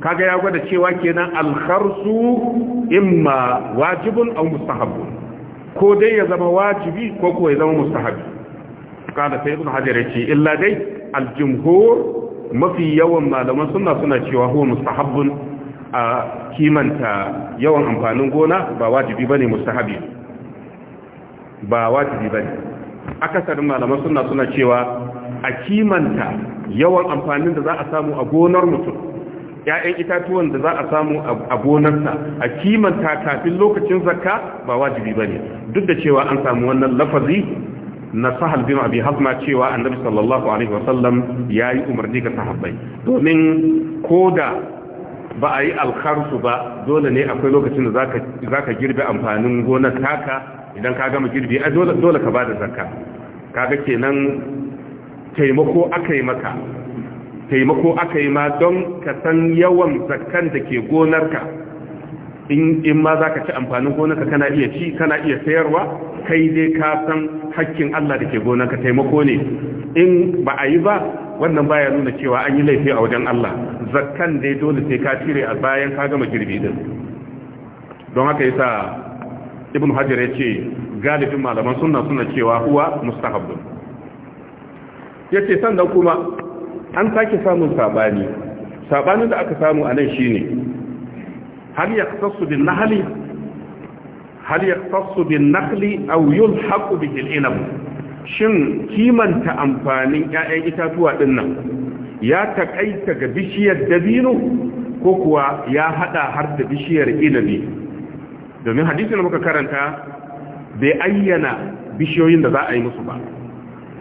Speaker 1: kaga ya gwada cewa kenan al-kharsu imma wajibun aw mustahabun ko dai ya zama wajibi ko ko ya zama mustahabi kada sai ibn hajar yace illa dai al-jumhur mafi yawan malaman sunna suna cewa huwa mustahabun a kimanta yawan amfanin gona ba wajibi ba ne mustahabi ba wajibi bane akasarin malaman suna suna cewa a kimanta yawan amfanin da za a samu a gonar mutum ya'yan itatuwan da za a samu a gonarsa a kimanta kafin lokacin zakka ba wajibi ba ne duk da cewa an samu wannan lafazi na sahal bin abi hazma cewa annabi sallallahu alaihi wasallam yayi umarni ga sahabbai domin koda ba a yi alkarsu ba dole ne akwai lokacin da za ka girbe amfanin gonar taka idan ka gama girbi a dole ka ba da zakka kaga kenan taimako aka maka taimako aka ma don ka san yawan zakkan da ke gonarka in ma za ka ci amfanin gonarka kana iya ci kana iya sayarwa kai dai ka san hakkin Allah da ke gonarka taimako ne in ba a yi ba wannan baya nuna cewa an yi laifi a wajen Allah zakkan ya dole sai ka cire a bayan ka gama girbi din don haka yasa ibn hajar ya ce galibin malaman sunna suna cewa huwa mustahabbun yace sannan kuma an sake samun sabani sabanin da aka samu a nan shine hal yaqtasu bin nahli hal yaqtasu bin nahli aw yulhaqu bihi al-inab shin kimanta amfanin 'ya'yan itatuwa dinnan ya taƙaita ga bishiyar dabino ko kuwa ya haɗa har da bishiyar inabi domin hadisin da muka karanta bai ayyana bishiyoyin da za a yi musu ba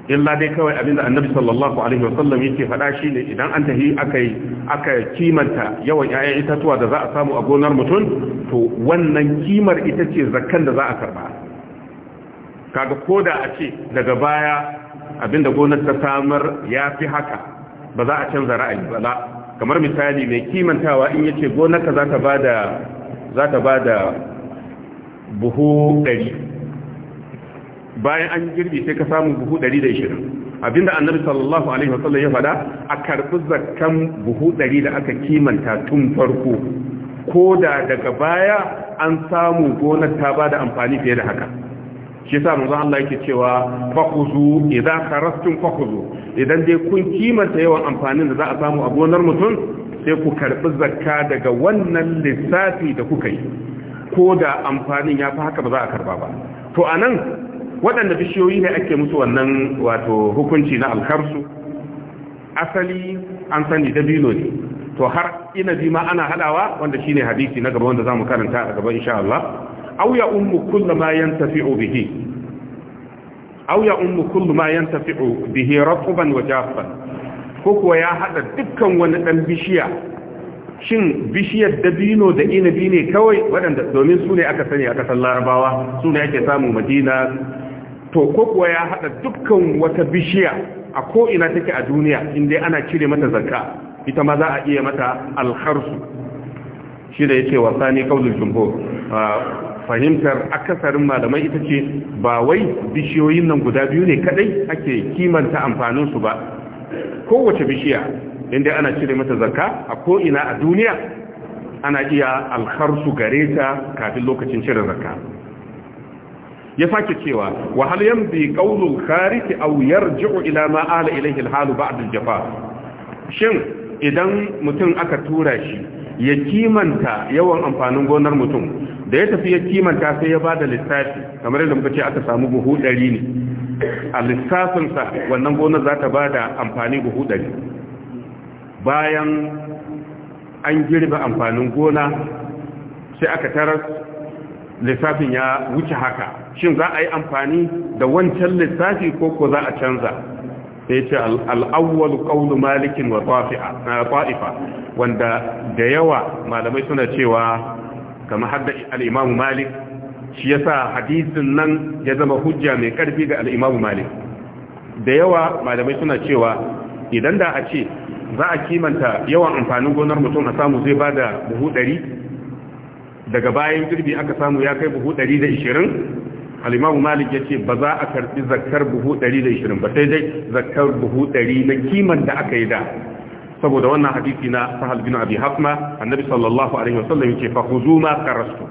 Speaker 1: illa dai kawai abinda annabi sallallahu alaihi wasallam yake faɗa shi ne idan an tahi akai aka kimanta yawan 'ya'yan itatuwa da za a samu a gonar mutum to wannan kimar ita ce zakkan da za a karba kaga koda a ce daga baya abinda gonar ta samar ya fi haka ba za a canza ra'ayi ba kamar misali mai kimantawa in yace gonarka za ta bada za ta bada buhu 100 bayan an girbi sai ka samu buhu 120 abinda annabi sallallahu alaihi wasallam ya faɗa a karbi zakkan buhu 100 da aka kimanta tun farko ko da daga baya an samu gonar ta bada amfani fiye da haka shi yasa manzo Allah yake cewa fakuzu idan karastun fakuzu idan dai kun kimanta yawan amfanin da za a samu a gonar mutum sai ku karbi zakka daga wannan lissafi da kuka yi ko da amfanin ya fi haka ba za a karba ba to a nan waɗanda bishiyoyi ne ake musu wannan wato hukunci na alkarsu asali an sani dabino ne to har inabi ma ana haɗawa wanda shine hadisi na gaba wanda za mu karanta a gaba insha Allah أو ya ummu kullu ma bihi aw ya ummu kullu ya dukkan shin bishiyar dabino da inabi ne kawai waɗanda domin su ne aka sani a ƙasar larabawa su ne ake samu madina to ko ya haɗa dukkan wata bishiya a ko'ina take a duniya in dai ana cire mata zakka ita ma za a iya mata alharsu shi da ya ce wasa ne jumbo fahimtar akasarin malamai ita ce ba wai bishiyoyin nan guda biyu ne kadai ake kimanta amfaninsu ba kowace bishiya inda ana cire mata zakka a ko'ina a duniya ana iya alkharsu gare ta kafin lokacin cire zakka ya sake cewa wa hal yamdi qawlul kharij aw yarji'u ila ma ala ilayhi al ba'd aljafa shin idan mutum aka tura shi ya kimanta yawan amfanin gonar mutum da ya tafi ya kimanta sai ya da lissafi kamar yadda muka ce aka samu buhu ɗari ne a lissafinsa wannan gonar za ta bada amfani buhu ɗari bayan an girbe amfanin gona sai aka tarar lissafin ya wuce haka shin za a yi amfani da wancan lissafi ko ko za a canza sai ce al'awwal qawlu malikin wa ta'ifa wanda da yawa malamai suna cewa kamar hadda alimam Malik shi ya sa hadisin nan ya zama hujja mai karfi ga al Malik da yawa malamai suna cewa idan da a ce za a kimanta yawan amfanin gonar mutum a samu zai ba da buhu ɗari, daga bayan girbi aka samu ya kai buhu ɗari da ishirin, imam Malik ya ce ba za a karfi zakar buhu ɗari da ishirin ba sai dai zakkar buhu ɗari na kiman da aka yi da saboda wannan hadisi na sahal bin abi hasma annabi sallallahu alaihi wasallam yake fa huzuma qarastu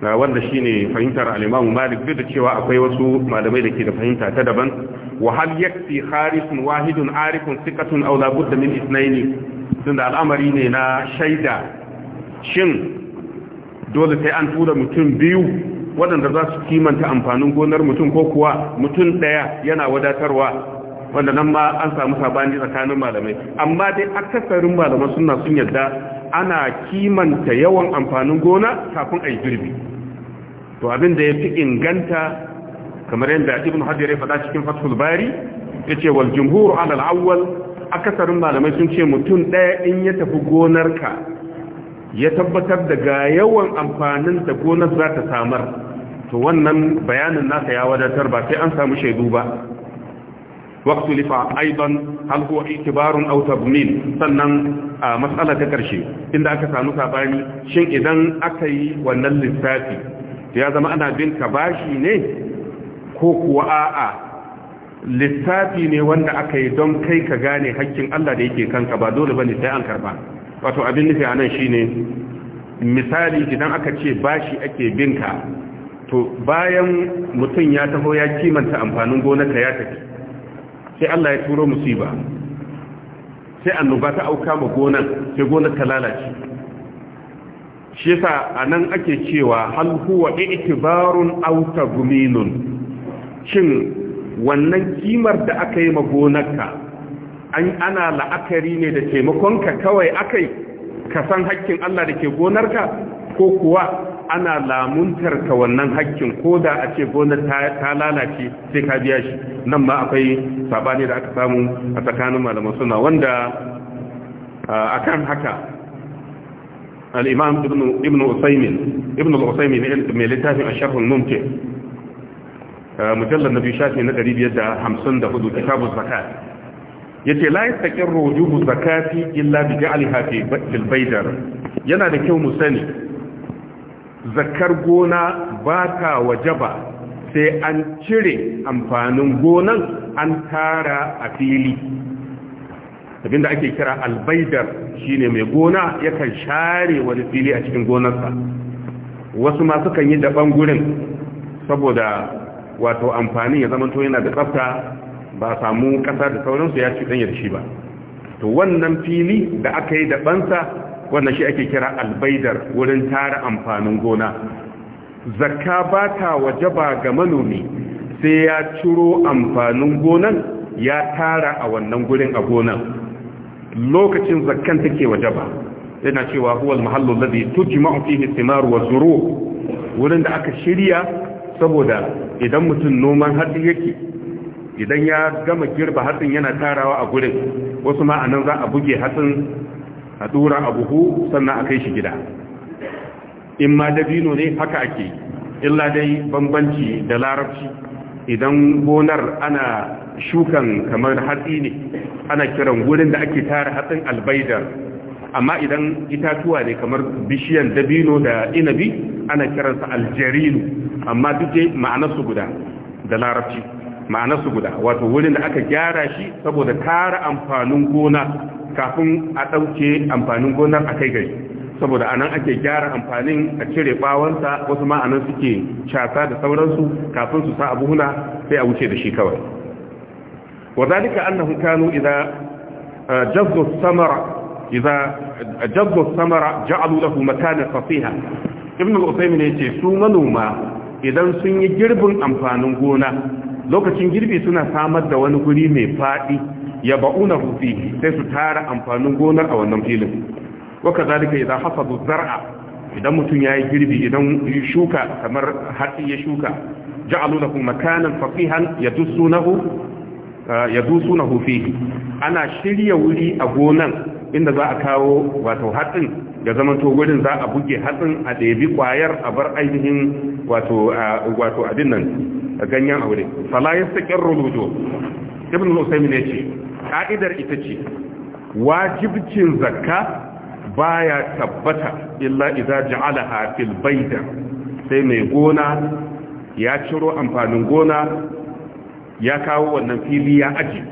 Speaker 1: na wanda shine fahimtar al-imam malik duk da cewa akwai wasu malamai da ke da fahimta ta daban wa hal yakfi kharisun wahidun arifun thiqatun aw la budda min ithnaini tunda al'amari ne na shaida shin dole sai an tura mutum biyu waɗanda za su kimanta amfanin gonar mutum ko kuwa mutum ɗaya yana wadatarwa wanda nan ma an samu sabani tsakanin malamai amma dai akasarin malaman suna sun yadda ana kimanta yawan amfanin gona kafin a yi girbi to abin da ya fi inganta kamar yadda ibn hajjar ya faɗa cikin fathul bari ya ce wal jumhur alal awwal akasarin malamai sun ce mutum ɗaya in ya tafi gonarka ya tabbatar da ga yawan amfanin da gonar za ta samar to wannan bayanin nasa ya wadatar ba sai an samu shaidu ba واختلف ايضا هل هو اعتبار او تضمين sannan a matsala ta karshe inda aka samu sabani shin idan aka yi wannan lissafi ya zama ana bin ka bashi ne ko kuwa a'a lissafi ne wanda aka yi don kai ka gane hakkin Allah da yake kanka ba dole bane sai an karba wato abin nufi anan shine misali idan aka ce bashi ake binka to bayan mutum ya taho ya kimanta amfanin gonarka ya tafi sai Allah ya turo musiba sai annoba ta auka ma gonan sai gonar ta lalace shi yasa anan ake cewa hal huwa i'tibarun aw tagminun shin wannan kimar da aka yi ma gonarka an ana la'akari ne da taimakonka kawai akai ka san hakkin Allah da ke gonarka ko kuwa ana lamuntarka wannan hakkin ko da a ce gonar ta lalace sai ka biya shi nan ma akwai sabani da aka samu a tsakanin malaman suna wanda a kan haka al ibn usaymin ibn al mai littafin a asharh al-mumti mujallal nabi shafi na 554 kitabu zakat ce la yastaqirru wujubu zakati illa bi ja'liha fi fil baydar yana da kyau mu sani zakar gona ba ta wajaba sai an cire amfanin gonan an tara a fili abinda ake kira albaidar shine mai gona yakan share wani fili a cikin gonarsa wasu masu kan yi daban gurin saboda wato amfanin ya zama to yana da tsafta ba a samu kasa da sauransu ya ci dan shi ba to wannan fili da aka yi dabansa wannan shi ake kira albaidar wurin tara amfanin gona zakka ba ta wajaba ga manomi sai ya ciro amfanin gonan ya tara a wannan gurin a gonan lokacin zakkan take wajaba yana cewa huwal mahallu ladhi tujma'u fihi thimar wa zuru wurin da aka shirya saboda idan mutum noman hatsi yake idan ya gama girba hatsin yana tarawa a gurin wasu ma anan za a buge hatsin a dura a buhu sannan a kai shi gida in ma dabino ne haka ake illa dai bambanci da larabci idan gonar ana shukan kamar hatsi ne ana kiran wurin da ake tara hatsin albaidar amma idan itatuwa ne kamar bishiyan dabino da inabi ana kiransa aljerinu amma duke ma'anarsu guda da larabci ma'anarsu guda wato wurin da aka gyara shi saboda tara amfanin gona kafin a ɗauke amfanin gona a kai gari saboda anan ake gyara amfanin a cire bawansa wasu ma anan suke casa da sauransu kafin su sa abuhuna sai a wuce da shi kawai wa zalika annahum kanu idza jazzu samara idza jazzu samara ja'alu lahu makana safiha ibn al yace su manoma idan sun yi girbin amfanin gona lokacin girbi suna samar da wani guri mai fadi ya ba'una fihi sai su tara amfanin gonar a wannan filin waka zalika idan hafazu zar'a idan mutum yayi girbi idan shuka kamar hatsi ya shuka ja'alu lahu makanan faqihan yadussunahu ah, yadusunahu fihi ana shirya wuri a gonan inda za a kawo wato hatsin ya zama to gurin za a buge hatsin a ɗebi kwayar a bar ainihin wato ah, wato abin nan ganyen aure fala yastaqirru ibn al ne ce, ka'idar ita ce wajibcin zakka baya tabbata illa idza ja'alaha fil bayda sai mai gona ya ciro amfanin gona ya kawo wannan fili ya aje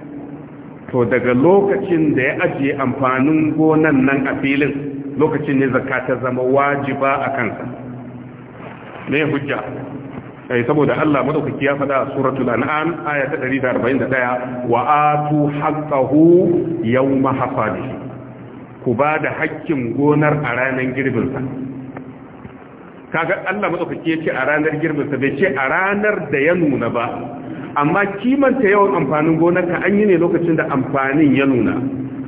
Speaker 1: to daga lokacin da ya aje amfanin gonan nan a filin lokacin ne zakka ta zama wajiba a kansa ne hujja ai eh, saboda Allah madaukaki ya faɗa a suratul an'am aya ta 141 wa atu haqqahu yawma hasadihi ku ba da haƙƙin gonar a ranar girbin sa kaga Allah madaukaki ya ce a ranar girbin sa bai ce a ranar da ya nuna ba amma kimanta yawan amfanin gonar ka an yi ne lokacin da amfanin ya nuna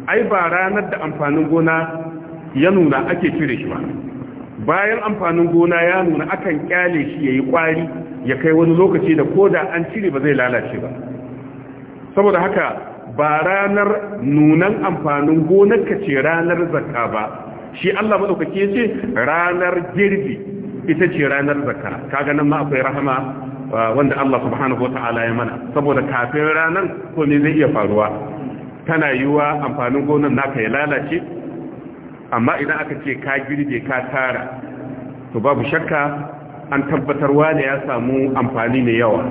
Speaker 1: ai ba ranar da amfanin gona ya nuna ake cire shi ba bayan amfanin gona ya nuna akan kyale shi yayi kwari ya kai wani lokaci da ko da an cire ba zai lalace ba saboda haka ba ranar nunan amfanin gonarka ce ranar zakka ba shi Allah madaukake ya ce ranar girbi ita ce ranar zakka kaga nan ma akwai rahama uh, wanda Allah subhanahu wataala ya mana saboda kafin ranan ko ne zai iya faruwa tana yiwa amfanin gonar naka ya lalace amma idan aka ce ka girbe ka tara to babu shakka an tabbatar wani ya samu amfani mai yawa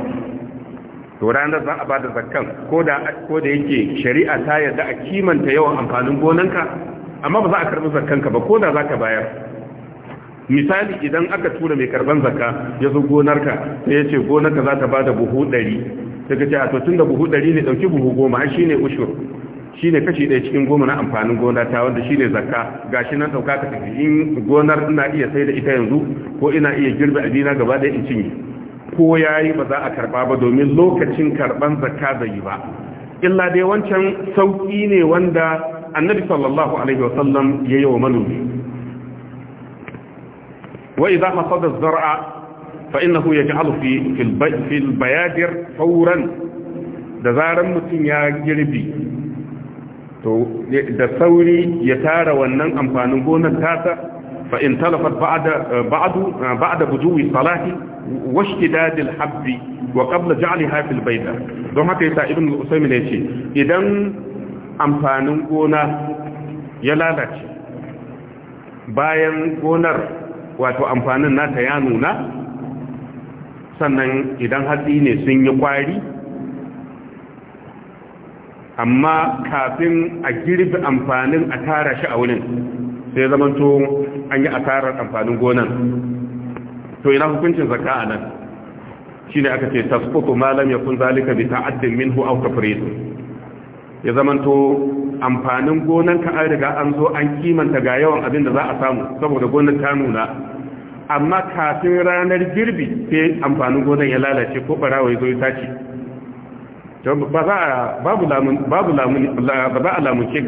Speaker 1: to ranar za a ba da zakkan ko da yake shari'a ta yarda a kimanta yawan amfanin gonanka amma ba za a karbi ka ba ko da za ka bayar misali idan aka tura mai karban zakka ya zo gonarka sai ya ce gonarka za ta ba da buhu ɗari daga ce a to tun da buhu ɗari ne ɗauki buhu goma shi ne ushur shine kashi ɗaya cikin goma na amfanin gona ta wanda shine zakka gashi nan ɗauka ka tafi in gonar ina iya sai da ita yanzu ko ina iya girbe abina gaba ɗaya in cinye ko yayi ba za a karɓa ba domin lokacin karɓar zakka zai yi ba illa dai wancan sauƙi ne wanda annabi sallallahu alaihi wasallam ya yi wa manomi wa idza hasada zara fa innahu yaj'alu fi fil bayadir fawran da zaran mutum ya girbi to da sauri ya tara wannan amfanin gonar tasa fa in talafat ba'da ba'du ba'da bujuwi salati washtidad al-habb wa qabla ja'liha fil bayda don haka yasa ibn al-usaymin yace idan amfanin gona ya lalace bayan gonar wato amfanin nata ya nuna sannan idan hatsi ne sun yi kwari amma kafin a girbi amfanin a tara shi a wurin sai to an yi asarar amfanin gonan to ina hukuncin zakka a nan shi ne aka ce tasfutu malam ya kun zalika bi ta'addin minhu aw tafrid ya zamanto amfanin gonan ka an riga an zo an kimanta ga yawan abin da za a samu saboda gonan ta nuna amma kafin ranar girbi sai amfanin gonan ya lalace ko barawa ya zo ya tace ba za a babu lamun babu lamun ba za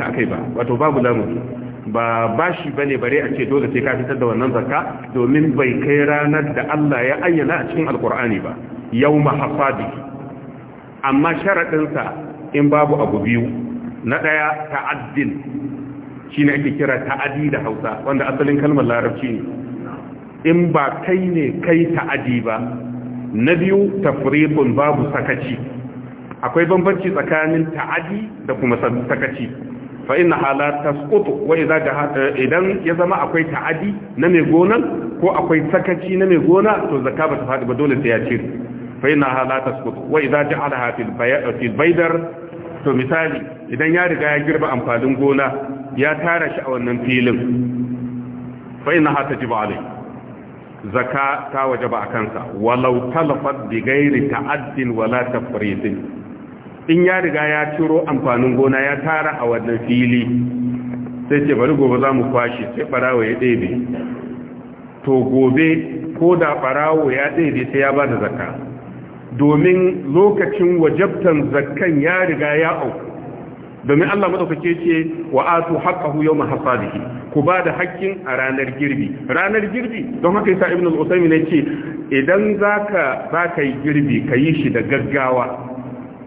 Speaker 1: a kai ba, ba wato babu lamun ba bashi bane bare a ce dole sai ka fitar da wannan zakka domin bai kai ranar da Allah ya ayyana a cikin alkur'ani ba Yau hasadi amma sharadin in babu abu biyu na daya ta'addin ne ake kira ta'adi da Hausa wanda asalin kalmar larabci ne in ba kai ne kai ta'adi ba na biyu tafriqun babu sakaci akwai bambanci tsakanin ta'adi da kuma sakaci fa inna hala tasqutu wa idza eh, idan ya zama akwai ta'adi na mai gonan ko akwai sakaci na mai gona to zakka ba ta fadi ba dole sai ya cire fa inna hala tasqutu wa idza ja'alaha fil fil baydar to misali idan ya riga ya girba amfanin gona ya tara shi a wannan filin fa inna hata tajibu alayhi zaka ta wajaba a kansa walau talafat bi gairi ta'addin wala tafridin in ya riga ya ciro amfanin gona ya tara a wannan fili sai ce bari gobe za mu kwashe sai barawo ya ɗebe to gobe ko da barawo ya ɗebe sai ya ba da zakka domin lokacin wajabtan zakan ya riga ya auku domin Allah matsaukake ce wa atu haqqahu yawma hasadihi ku ba da haƙƙin a ranar girbi ranar girbi don haka yasa ibn al ne ce idan za ka yi girbi ka yi shi da gaggawa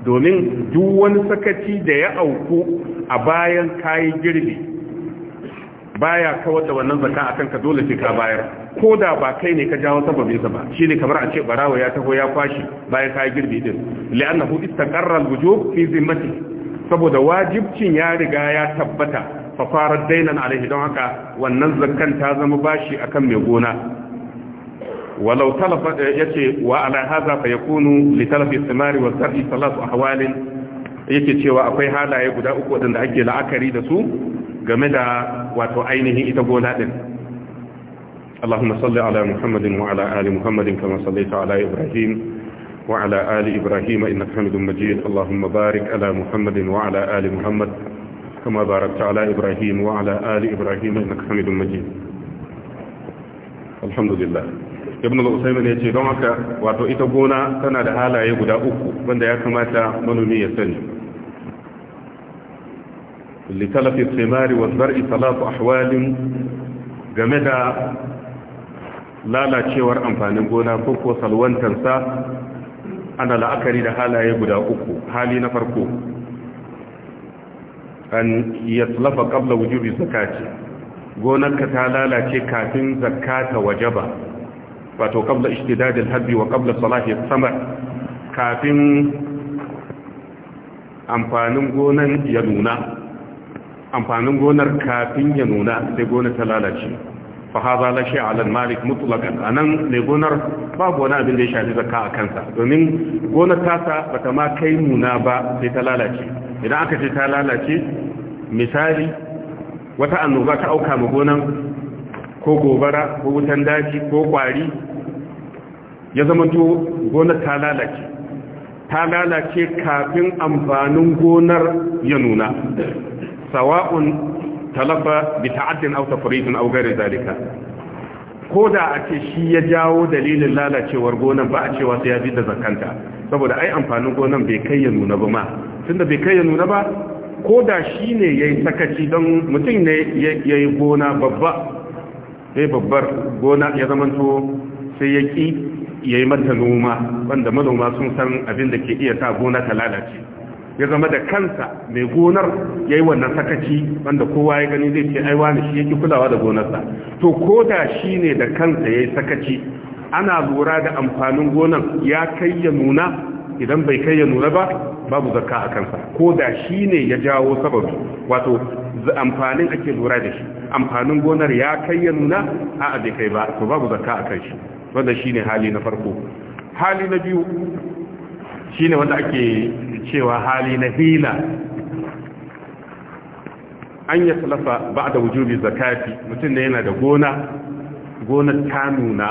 Speaker 1: domin duk wani sakaci da ya auku a bayan kayi girbi baya kawar da wannan zaka akan ka dole sai ka bayar ko da ba kai ne ka jawo sababin sa shi shine kamar a ce barawo ya taho ya kwashi bayan kayi girbi din li'annahu istaqarra al fi zimmati saboda wajibcin ya riga ya tabbata fafarar dainan alaihi don haka wannan zakan ta zama bashi akan mai gona walau talafa eh, yace wa ala hadha fa yakunu li talafi istimari wa zar'i salatu ahwalin yake cewa akwai halaye guda uku wadanda ake la'akari da su game da wato ainihin ita gona din اللهم صل على محمد وعلى آل محمد كما صليت على إبراهيم وعلى آل إبراهيم إنك حمد مجيد اللهم بارك على محمد وعلى آل محمد كما باركت على إبراهيم وعلى آل إبراهيم إنك حمد مجيد الحمد لله ibn al-usaymin ya ce don haka wato ita gona tana da halaye guda uku wanda ya kamata manomi ya sani litalafi tsimari wa zar'i talatu ahwalin game da lalacewar amfanin gona ko ko salwantarsa ana la'akari da halaye guda uku hali na farko an yatlafa qabla wujubi zakati gonarka ta lalace kafin zakata wajaba wato qabla ishtidad al wa qabla salahi samar kafin amfanin gonan ya nuna amfanin gonar kafin ya nuna sai gonar ta lalace fa la malik mutlaqan anan ne gonar babu wani abin da ya shafi zakka a kansa domin gonar tasa bata ma kai nuna ba sai ta lalace idan aka ce ta lalace misali wata annoba ta auka ma gonan ko gobara ko wutan daji ko kwari ya zama to gonar ta lalace ta lalace kafin amfanin gonar ya nuna sawa'un talafa bi ta'addin aw tafridin aw ghairi zalika ko da a ce shi ya jawo dalilin lalacewar gonan ba a cewa sai ya bi da zakanta saboda ai amfanin gonan bai kai ya nuna ba ma tunda bai kai ya nuna ba ko da shi ne ya yi sakaci don mutum ne ya yi gona babba sai babbar gona ya zamanto sai ya ki ya yi mata noma wanda manoma sun san abin da ke iya sa gona ta lalace ya zama da kansa mai gonar ya yi wannan sakaci wanda kowa ya gani zai ce aiwa ne shi ya kulawa da gonarsa to ko da shi ne da kansa ya yi sakaci ana lura da amfanin gonan ya kai ya nuna idan bai kai ya nuna ba babu zakka a kansa ko da shi ne ya jawo sababi wato amfanin ake lura da shi amfanin gonar ya kai ya nuna a bai kai ba to babu zakka a kai shi wanda shine hali na farko hali na biyu shine wanda ake cewa hali na hila an ya salafa ba da wujubi zakati mutum ne yana da gona gona ta nuna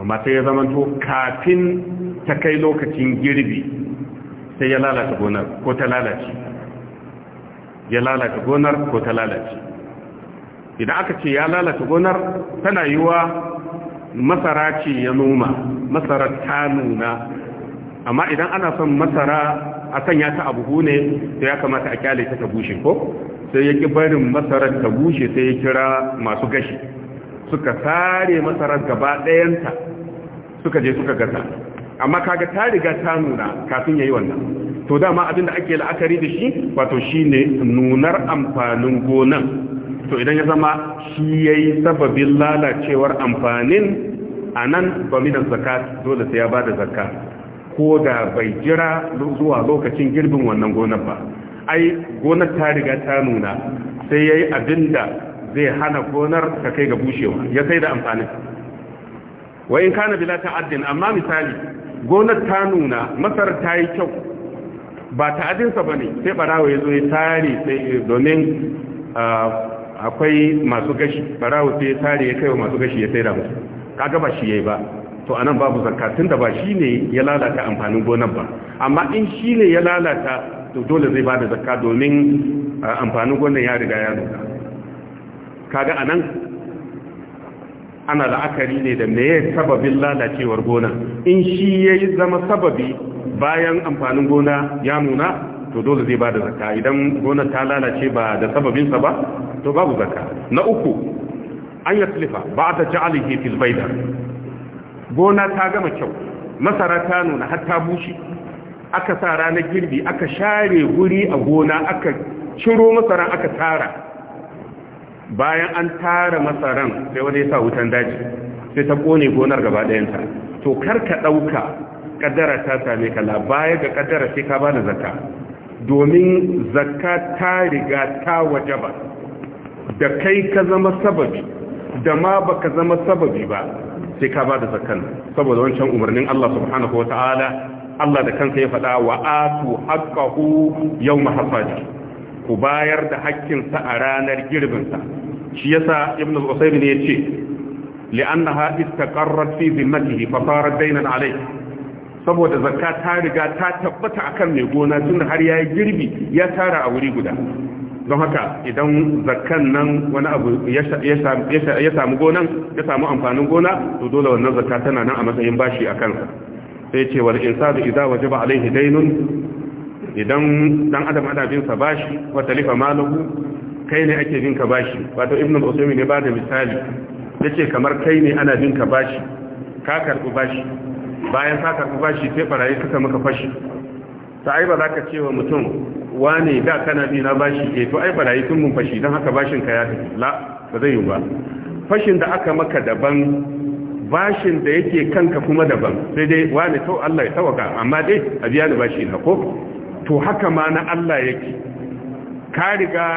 Speaker 1: amma sai ya zamanto kafin ta kai lokacin girbi sai ya lalata gonar ko ta lalace ya lalata gonar ko ta lalace idan aka ce ya lalata gonar tana yiwuwa masara ce ya noma masara ta nuna amma idan ana son masara a sanya ta abu ne da ya kamata a kyale ta ta bushe ko sai ya ki barin masara ta bushe sai ya kira masu gashi suka sare masara gaba ɗayanta suka je suka gasa amma kaga ta riga ta nuna kafin yayi wannan to dama abinda ake la'akari da shi wato shine nunar amfanin gonan to idan ya zama shi yayi sababin lalacewar amfanin a nan ba minan zakat dole sai ya ba da zakka ko da bai jira zuwa lokacin girbin wannan gonar ba ai gonar ta riga ta nuna sai ya yi abin zai hana gonar ta kai ga bushewa ya kai da amfanin wa in kana bila ta'addin amma misali gonar ta nuna masar ta yi kyau ba ta'addinsa ba ne sai barawa ya zo ya tare domin ah, akwai masu gashi Farawo sai ya tare ya kaiwa masu gashi ya tsaira musu kaga ba shi yayi ba to anan babu zakka tunda ba shine ya lalata amfanin gonar ba amma in shine ya lalata to dole zai bada zakka domin amfanin gonar ya riga ya nuna kaga anan ana la'akari ne da meye sababin lalacewar gona in shi yayi zama sababi bayan amfanin gona ya nuna to dole zai bada zakka idan gonar ta lalace ba da sababinsa ba to babu zakka na uku an a ji Ali fil bayda gona ta gama kyau masara ta nuna har ta bushe aka sa ranar girbi aka share guri a gona aka ciro masaran aka tara bayan an tara masaran sai wani ya sa wutan daji sai ta kone gonar gaba ɗayanta to kar ka ɗauka kaddara ta same ka la baya ga kaddara sai ka bada zakka domin zakka ta riga ta wajaba da kai ka zama sababi da ma baka zama sababi ba sai ka ba da zakkan saboda wancan umarnin Allah subhanahu wa ta'ala Allah da kansa ya faɗa wa atu haqqahu yawma hasadi ku bayar da haƙƙinsa a ranar girbinsa shi yasa ibnu usaymin yace li'annaha istaqarrat fi zimmatihi fa sarat daynan alayhi saboda zakka ta riga ta tabbata akan mai gona tun har ya yi girbi ya tara a wuri guda don haka idan zakkan nan wani abu ya samu gonan ya samu amfanin gona to dole wannan zakka tana nan a matsayin bashi a kansa sai ce wal insanu idza wajaba alaihi daynun idan dan adam ana bin sa bashi wa talifa maluhu kai ne ake bin ka bashi wato ibnu al-usaymi ne ba da misali yace kamar kai ne ana bin ka bashi ka karbi bashi bayan ka karɓi bashi sai barayi suka maka fashi ta ai ba za ka ce wa mutum wane da kana bi na bashi ke to ai barayi sun mun fashi don haka bashin ka ya tafi la ba zai yi ba fashin da aka maka daban bashin da yake kanka kuma daban sai dai wane to Allah ya tawaka amma dai a biya ni bashi na ko to haka ma na Allah yake ka riga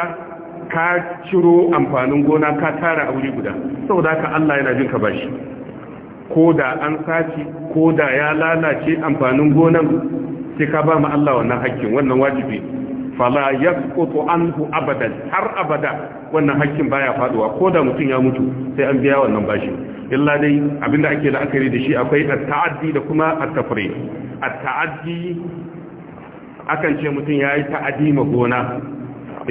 Speaker 1: ka ciro amfanin gona ka tara a wuri guda saboda haka Allah yana jin ka bashi ko da an sace ko da ya lalace amfanin gonan sai ka ba mu Allah wannan hakkin wannan wajibi fala yasqutu anhu abadan har abada wannan hakkin baya faduwa ko da mutum ya mutu sai an biya wannan bashi illa dai abinda ake la'akari da shi akwai at-ta'addi da kuma at tafri at-ta'addi akan ce mutum yayi ta'addi ma gona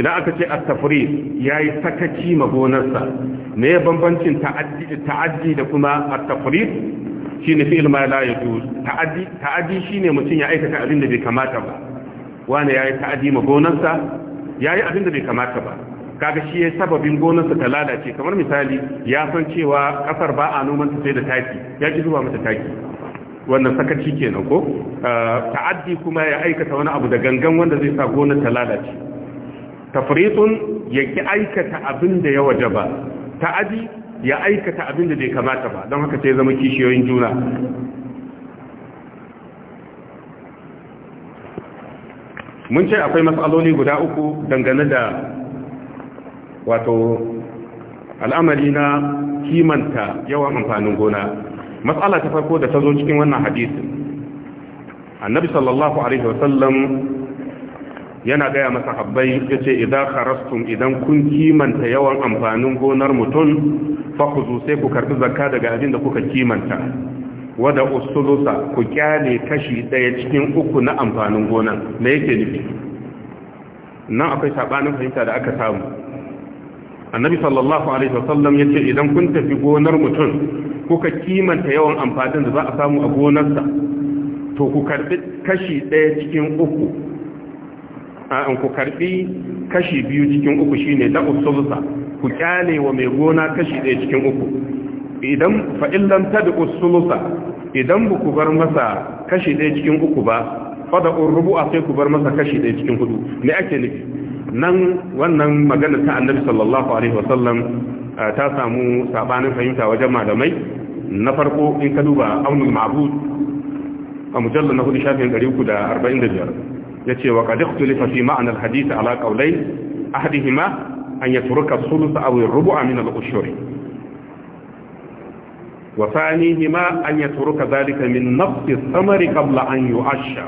Speaker 1: idan aka ce at-tafri yi sakaci ma gonarsa ne bambancin ta'addi da kuma at-tafri ne fi ma la yajuz ta'addi shi ne mutum ya aikata abin da bai kamata ba ya yi ta'addi magonarsa ya yi abin da bai kamata ba kaga shi yi sababin gonarsa ta lalace kamar misali ya san cewa kasar ba a noman ta sai da taki ya ki zuba mata taki wannan sakaci kenan ko eh, ta'addi kuma ya aikata wani abu da gangan wanda zai sa gonar ta lalace tafritun ya ki aikata abin da ya waje ba ta'adi ya aikata abin da bai kamata ba don haka sai zama kishiyoyin juna mun ce akwai matsaloli guda uku dangane da wato al'amari na kimanta yawan amfanin gona matsala ta farko da ta zo cikin wannan hadisi annabi sallallahu alaihi wasallam yana gaya masa habbai ya ce idan kharastum idan kun kimanta yawan amfanin gonar mutum fakuzu sai ku karbi zakka daga abin da kuka kimanta wada usulusa ku kyale kashi daya cikin uku na amfanin gonar me yake nufi nan akwai sabanin fahimta da aka samu annabi sallallahu alaihi wasallam yace idan kun tafi gonar mutum kuka kimanta yawan amfanin da za a samu a gonarsa to ku karbi kashi daya cikin uku an ku karbi kashi biyu cikin uku shine da usulusa ku kyale wa mai gona kashi ɗaya cikin uku idan fa illam tad usulusa idan ku bar masa kashi ɗaya cikin uku ba fa fada rubu'a sai ku bar masa kashi ɗaya cikin hudu me ake nufi nan wannan magana ta annabi sallallahu alaihi wasallam ta samu sabanin fahimta wajen malamai na farko in ka duba aunul ma'bud a mujallar na hudu shafin 345 Ya ce wa qad ikhtalafa fi ma'na al-hadith ala qawlayn ma an yatruka as-sulus aw ar-rubu'a min al-ushuri wa thanihima an yatruka dhalika min nafsi samari kabla an yu'ashsha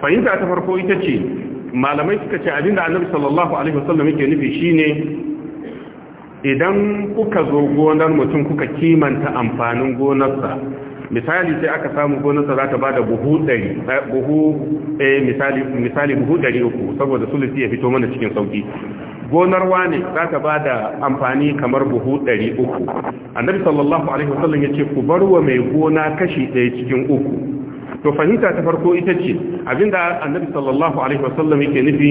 Speaker 1: fa in ta farko ita ce malamai suka ce abinda annabi sallallahu alaihi wasallam yake nufi shine idan kuka zo gonar mutum kuka kimanta amfanin gonarsa misali sai aka samu gonarsa za ta bada buhu 100 eh, buhu eh misali misali buhu uku saboda sulusi ya fito mana cikin sauki gonar wane za ta ba da amfani kamar buhu uku. annabi sallallahu alaihi wasallam ya ce ku bar wa mai gona kashi ɗaya cikin uku to fahimta ta farko ita ce abinda annabi sallallahu alaihi wasallam yake nufi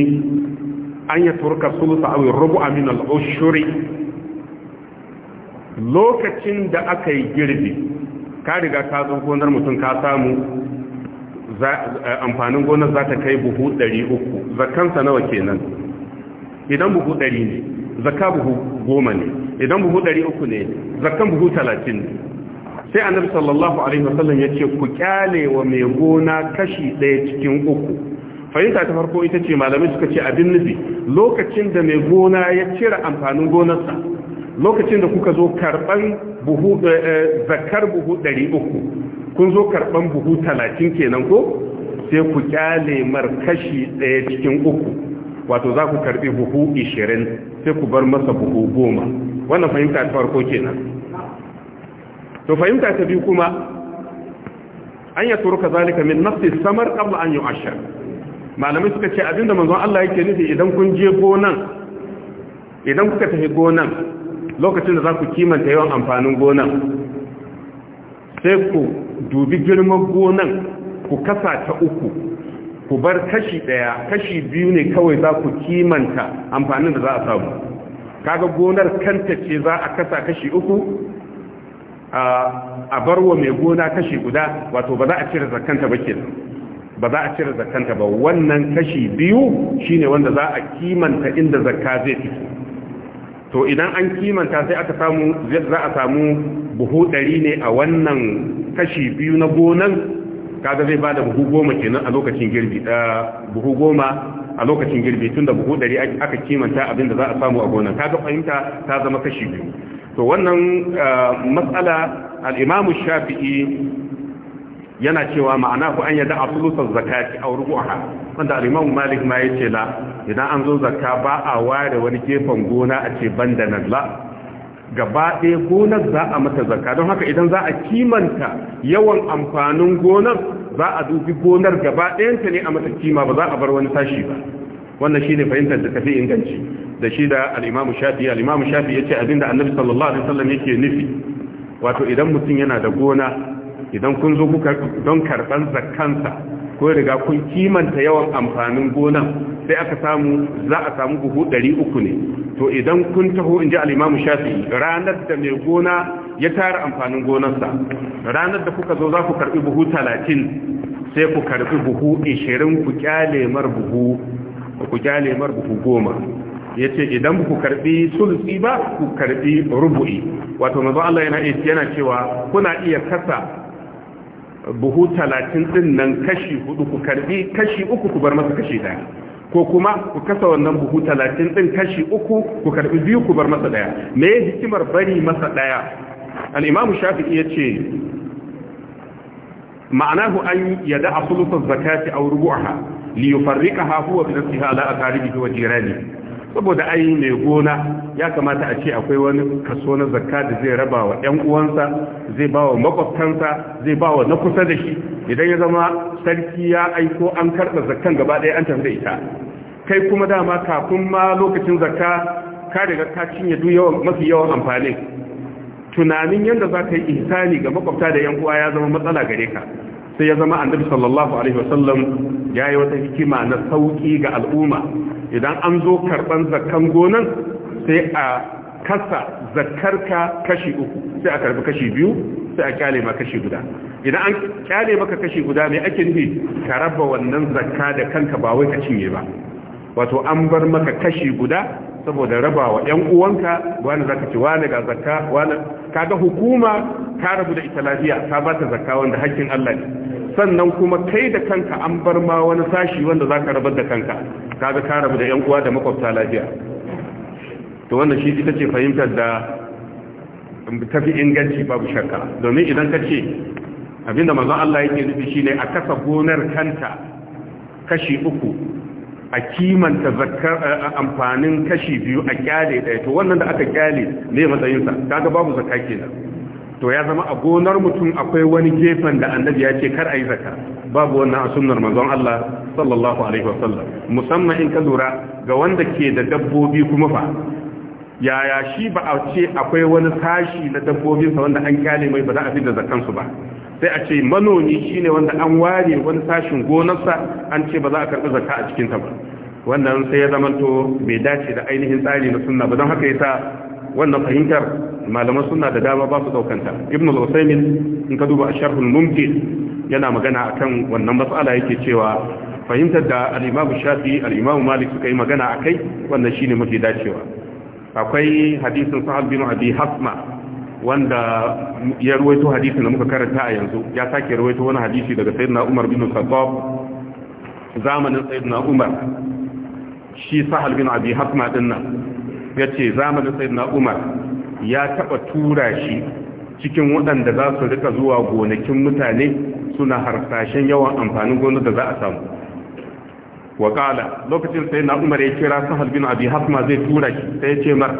Speaker 1: an ya turka sulusa awi rubu min al-ushuri lokacin da aka yi girbi ka riga ka zo gonar mutum ka samu eh, amfanin gonar za ta kai buhu 300 zakansa nawa kenan idan buhu 100 ne zakka buhu 10 ne idan buhu 300 ne zakkan buhu 30 ne sai annabi sallallahu alaihi wasallam ya ce ku kyale wa mai gona kashi ɗaya cikin uku fahimta ta farko ita ce malamai suka ce abin nufi lokacin da mai gona ya cire amfanin gonarsa lokacin da kuka zo karban buhu eh, eh, zakar buhu 300 kun zo karban buhu 30 kenan ko sai ku kyale mar kashi ɗaya cikin uku wato za ku karbi buhu 20 sai ku bar masa buhu 10 wannan fahimta ta farko kenan to fahimta ta biyu kuma an ya turu kazalika min nafsi samar qabla an yu'ashar malamai suka ce abinda manzon Allah yake nufi idan kun je gonan idan kuka tafi gonan lokacin da za ku kimanta yawan amfanin gonan sai ku dubi girman gonan ku kasa ta uku ku bar kashi daya kashi biyu ne kawai za ku kimanta amfanin da za a samu kaga gonar kanta ce za a kasa kashi uku a barwa mai gona kashi guda wato ba za a cire zakanta ba ke ba za a cire zakanta ba wannan kashi biyu shine wanda za a kimanta inda zakka zai fito to idan an kimanta sai aka samu za a samu buhu ɗari ne a wannan kashi biyu na gonan kaga zai bada buhu goma kenan a lokacin girbi buhu goma a lokacin girbi tun da buhu ɗari aka kimanta abin da za a samu a gonan kaga fahimta ta zama kashi biyu to wannan eh, matsala al'imamu shafi'i yana cewa ma'ana ku an yada asulusan zakati a rubuha wanda al-Imam Malik ma yace la idan an zo zakka ba a ware wani gefen gona a ce banda nan la gaba ɗaya gonar za a mata zakka don haka idan za a kimanta yawan amfanin gonar za a dubi gonar gaba ɗayanta ne a mata kima ba za a bar wani sashi ba wannan shine fahimtar da tafi inganci da shi da al-Imam Shafi'i al-Imam Shafi'i yace abinda Annabi sallallahu alaihi wasallam yake nufi wato idan mutum yana da gona idan kun zo kuka don karɓar zakkansa ko riga kun kimanta yawan amfanin gona, sai aka samu za a samu buhu ɗari uku ne to idan kun taho in ji alimamu shafi ranar da mai gona ya tara amfanin gonarsa ranar da kuka zo za ku karɓi buhu talatin, sai ku karɓi buhu 20 ku kyale mar buhu ku kyale mar buhu 10 ya ce idan ku karbi sulsi ba ku karbi rubu'i wato mazu Allah yana cewa kuna iya kasa buhu talatin din nan kashi hudu ku karbi kashi uku ku bar masa kashi daya ko kuma ku kasa wannan buhu talatin din kashi uku ku karbi biyu ku bar masa daya me ya hikimar bari masa daya al-imam shafi'i yace ma'anahu an yada asulutu zakati aw rubu'aha li yufarriqaha huwa bi nafsiha ala aqaribihi wa jirani saboda ai mai gona ya kamata a ce akwai wani kaso na zakka da zai raba wa 'yan uwansa zai ba wa makwabtansa zai ba wa na kusa da shi idan ya zama sarki ya aiko an karɓa zakkan gaba ɗaya an tafi da ita kai kuma dama kafin ma lokacin zakka ka riga ka cinye duk yawan mafi yawan amfani tunanin yadda za ka yi ihsani ga makwabta da yan uwa ya zama matsala gare ka sai ya zama annabi sallallahu alaihi wasallam ya yi wata hikima na sauki ga al'umma idan an zo karban zakkan gonan sai a kasa ka kashi uku sai a karbi kashi biyu sai a kyale ma kashi guda idan an kyale maka kashi guda mai ake nufi ka raba wannan zakka da kanka ba wai ka cinye ba wato an bar maka kashi guda saboda raba wa 'yan uwanka wani zaka ci wani ga zakka wani kaga hukuma ka rabu da ita lafiya ta ba ta zakka wanda hakkin Allah ne sannan kuma kai da kanka an bar ma wani sashi wanda zaka rabar da kanka kaga ka rabu da yan uwa da makwabta lafiya to wannan shi ita ce fahimtar da tafi inganci babu shakka domin idan ka ce abinda manzon Allah yake nufi shine a kasa gonar kanta kashi uku a kimanta zakar amfanin kashi biyu a kyale ɗaya to wannan da aka kyale ne matsayinsa ta ga babu zaka kenan to ya zama a gonar mutum akwai wani gefen da annabi ya ce kar a yi zaka babu wannan a sunnar manzon Allah sallallahu alaihi wasallam musamman in ka lura ga wanda ke da dabbobi kuma fa yaya shi ba a ce akwai wani sashi na dabbobinsa wanda an kyale mai ba za a fi da zakansu ba sai a ce manoni shine wanda an ware wani sashin gonarsa an ce ba za a karɓi zakka a cikin ta ba wannan sai ya zamanto bai dace da ainihin tsari na sunna ba don haka yasa wannan fahimtar malaman sunna da dama ba su daukanta ibn al-usaymin in ka duba a al-mumkin yana magana akan wannan mas'ala yake cewa fahimtar da al-imam shafi al-imam malik suka yi magana akai wannan shine mafi dacewa akwai hadisin sa'ad bin abi hasma wanda ya ruwaito hadisi da muka karanta a yanzu ya sake ruwaito wani hadisi daga sayyidina Umar bin Khattab zamanin sayyidina Umar shi Sahal bin Abi Hasma dinnan yace zamanin sayyidina Umar ya taba tura shi cikin waɗanda za su rika zuwa gonakin mutane suna harsashen yawan amfanin gona da za a samu kala lokacin Sayyidina umar ya kira sahal bin abi hasma zai tura shi sai ya ce mar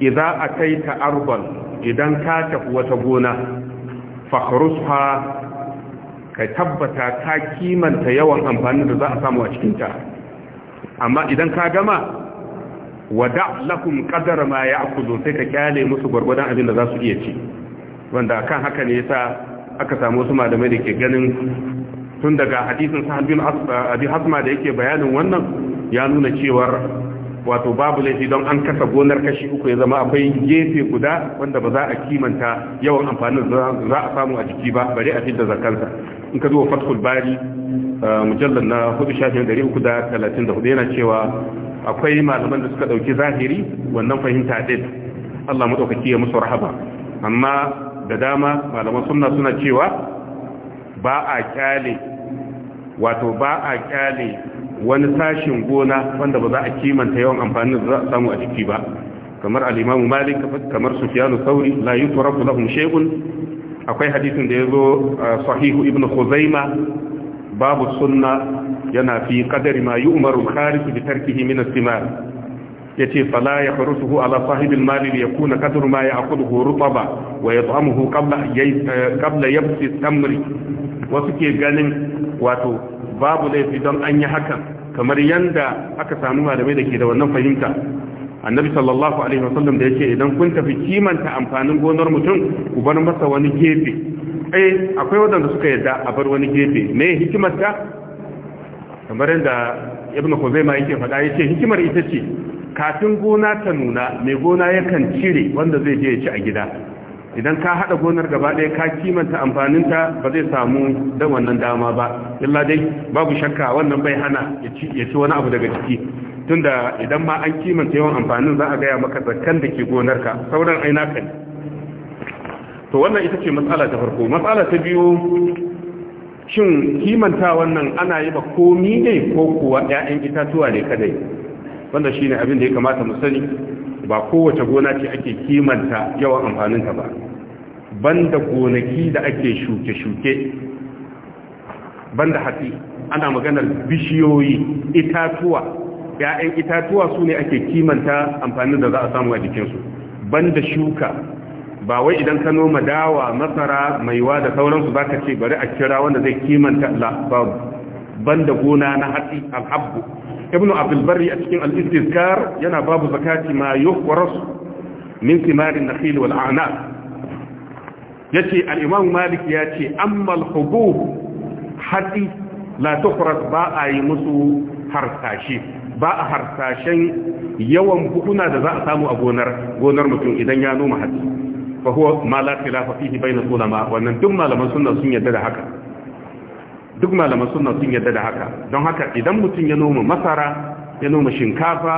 Speaker 1: idza akaita arban idan ka tafi wata gona fakhrusha ka tabbata ka kimanta yawan amfani da za a samu a cikin ta amma idan ka gama wada lakum qadar ma ya'khudhu sai ka kyale musu gurgurdan abin da za su iya ci wanda kan haka ne yasa aka samu wasu malamai da ke ganin tun daga hadisin sahal bin abi hasma da yake bayanin wannan ya nuna cewar wato babu laifi don an kasa gonar kashi uku ya zama akwai gefe guda wanda ba za a kimanta yawan amfanin za a samu a jiki ba bare a fidda zakansa in ka zuwa fatkul bari uh, mujallar na hudu shafin dari uku da talatin da hudu yana cewa akwai malaman da suka ɗauki zahiri wannan fahimta ɗin allah maɗaukaki ya musu rahaba amma da dama malaman suna suna cewa ba a kyale wato ba a kyale wani sashin gona wanda ba za a kimanta yawan amfanin da za a samu a ciki ba kamar al malik kamar sufyanu sauri la yutrafu lahum shay'un akwai hadisin da ya zo sahihu ibnu khuzaima babu sunna yana fi kadari ma yu'maru kharij bi tarkihi min as-simar yace fala yakhrusuhu ala sahibi al-mal li yakuna qadru ma ya'khudhu rutaba wa yat'amuhu qabla qabla yabsi tamri wasu ke ganin wato babu laifi don an yi haka kamar yanda aka samu malamai da ke da wannan fahimta annabi sallallahu alaihi wasallam da yake idan kun tafi kimanta amfanin gonar mutum ku bar masa wani gefe eh akwai wadanda suka yadda a bar wani gefe me hikimar ta kamar yadda ibnu khuzaima yake faɗa yace hikimar ita ce kafin gona ta nuna mai gona yakan cire wanda zai je ya ci a gida idan ka hada gonar gaba ɗaya ka kimanta amfaninta ba zai samu da wannan dama ba illa dai babu shakka wannan bai hana ya ci wani abu daga ciki tunda idan ma an kimanta yawan amfanin za a gaya maka zakkan da ke gonarka sauran aina ka to wannan ita ce matsala ta farko matsala ta biyu shin kimanta wannan ana yi ba komi ne ko kuwa 'ya'yan itatuwa ne kadai wanda shine abin da ya kamata mu sani ba kowace gona ce ake kimanta yawan amfaninta ba banda gonaki da ake shuke-shuke banda hatsi ana maganar bishiyoyi itatuwa ya'yan itatuwa su ne ake kimanta amfanin da za a samu a jikinsu banda shuka ba wai idan ka noma dawa masara maiwa da sauransu za ka ce bari a kira wanda zai kimanta babu banda gona na hatsi alhabbu ibnu abdul a cikin al yana babu zakati ma yuqras min simarin nakhil wal a'nab yace ce imam malik ya ce ammal hubub hadi la ba a yi musu harsashi ba a harsashen yawan buhuna da za a samu a gonar gonar mutum idan ya noma hatsi fa huwa ma la khilafa fihi bayna ulama wannan duk malaman sunna sun yarda da haka duk malaman sunna sun yadda da haka don haka idan mutum ya noma masara ya noma shinkafa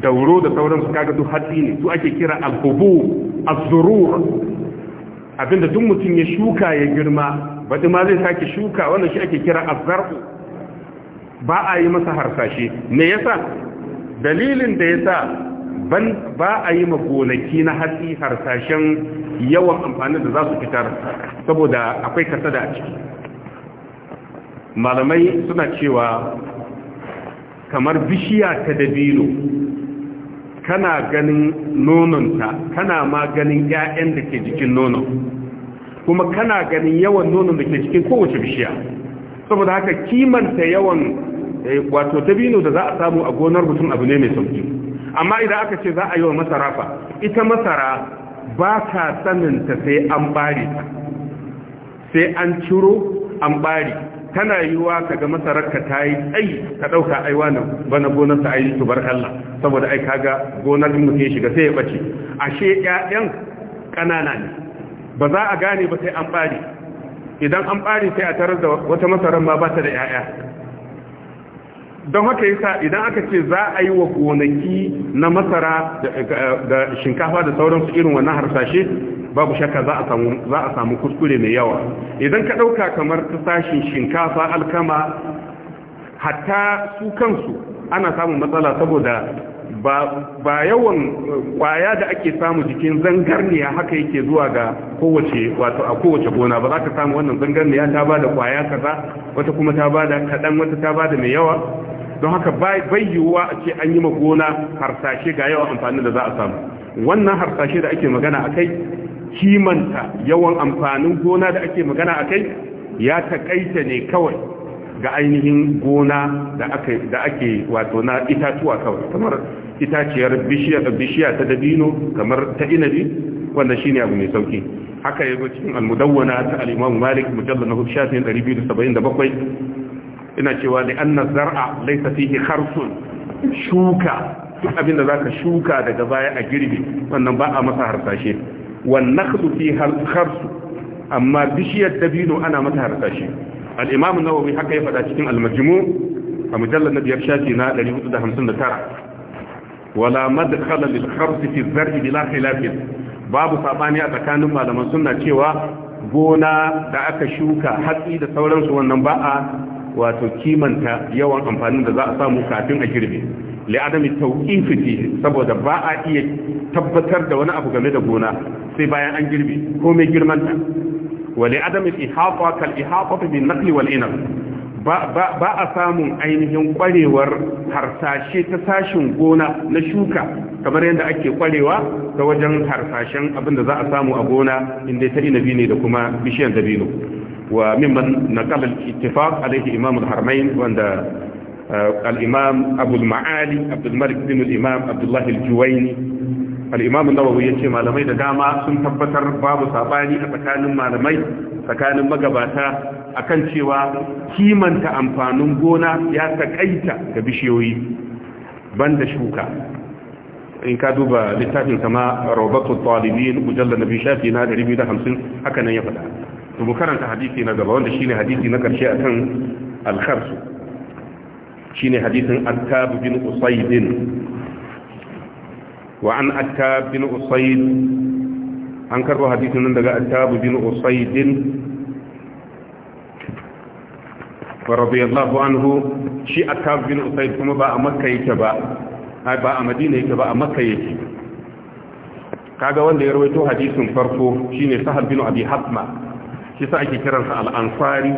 Speaker 1: dauro da sauran su kaga duk hatsi ne su ake kira al-hubu az-zurur abinda duk mutum ya shuka ya girma baɗi ma zai sake shuka wannan shi ake kira az zarqu ba a yi masa harsashe me yasa dalilin da yasa ban ba a yi ma na hatsi harsashen yawan amfani da za su fitar saboda akwai kasada a ciki malamai suna cewa kamar bishiya ta dabino kana ganin nononta kana ma ganin 'ya'yan da ke jikin nonon kuma kana ganin yawan nonon da ke cikin kowace bishiya saboda haka kimanta yawan eh, wato dabino da za a samu a gonar mutum abu ne mai sauki amma idan aka ce za a yi wa masara fa ita masara ba ta saninta sai an bari sai an ciro an bari tana yiwuwa ka ga masararka ta yi tsayi ka ɗauka wa nan bana gonarsa a yi tubar Allah saboda ai kaga gonar mutum ya shiga sai ya ɓace ashe ƴaƴan ƙanana ne ba za a gane ba sai an ɓare idan an ɓare sai a tarar da wata masarar ma ba ta da ƴaƴa don haka yasa idan aka ce za a yi wa gonaki na masara da shinkafa da sauransu irin wannan harsashe babu shakka za a samu kuskure mai yawa idan ka ɗauka kamar ta sashin shinkafa alkama hatta su kansu ana samun matsala saboda ba yawan kwaya da ake samu jikin zangarniya haka yake zuwa ga kowace wato a kowace gona ba za ka samu wannan zangarniya ta bada kwaya kaza wata kuma ta bada kadan wata ta bada mai yawa don haka bai yiwuwa a ce an yi ma gona harsashe ga yawan amfani da za a samu wannan harsashe da ake magana a kai kimanta yawan amfanin gona da ake magana a kai ya takaita ne kawai ga ainihin gona da ake wato na itatuwa kawai kamar itaciyar bishiya ta dabino kamar ta inabi wanda shine abu mai sauki haka yago cikin al ta al-Imam Malik mujallad na 1277 ina cewa da anna zar'a laysa fihi kharsun shuka duk abinda zaka shuka daga baya a girbi wannan ba a masa harsashe wannan haɗu fi harsu amma bishiyar dabino ana mata harsashi al’imamun nawawi haka ya faɗa cikin almajimu a mujallar na biyar shafi na 459 wala madakala da harsu fi zarfi bila babu saɓani a tsakanin malaman suna cewa gona da aka shuka hatsi da sauransu wannan ba a wato kimanta yawan amfanin da za a samu kafin a girbe li'adami tauqifiti saboda ba a iya tabbatar da wani abu game da gona sai bayan an girbi ko mai girman ta wa li'adami ihata kal ihata bin nakli wal inab ba ba a samun ainihin ƙwarewar harsashe ta sashin gona na shuka kamar yadda ake kwarewa ta wajen harsashen abin da za a samu a gona inda ta inabi ne da kuma bishiyar dabino wa mimman naqala al-ittifaq alayhi imam al-harmain wanda al-imam abul ma'ali al-imam abdullah al-juwaini al-imam ya ce yace malamai da dama sun tabbatar babu sabani a tsakanin malamai tsakanin magabata akan cewa kimanta amfanin gona ya takaita ga bishiyoyi banda shuka in ka duba littafin kama robertus talibin mujallar na shafi na 250 haka nan ya faɗa to mu karanta hadisi na gaba wanda shine hadisi na ƙarshe akan alkharsu shine hadisin attab بن أصيد وعن an بن أصيد أنكر an من hadisin nan daga attab bin usayd radiyallahu anhu shi attab bin kuma ba a makka yake ba ba a ba a kaga wanda ya rawaito hadisin farko shine sahal bin abi hasma shi sa ake kiransa al-ansari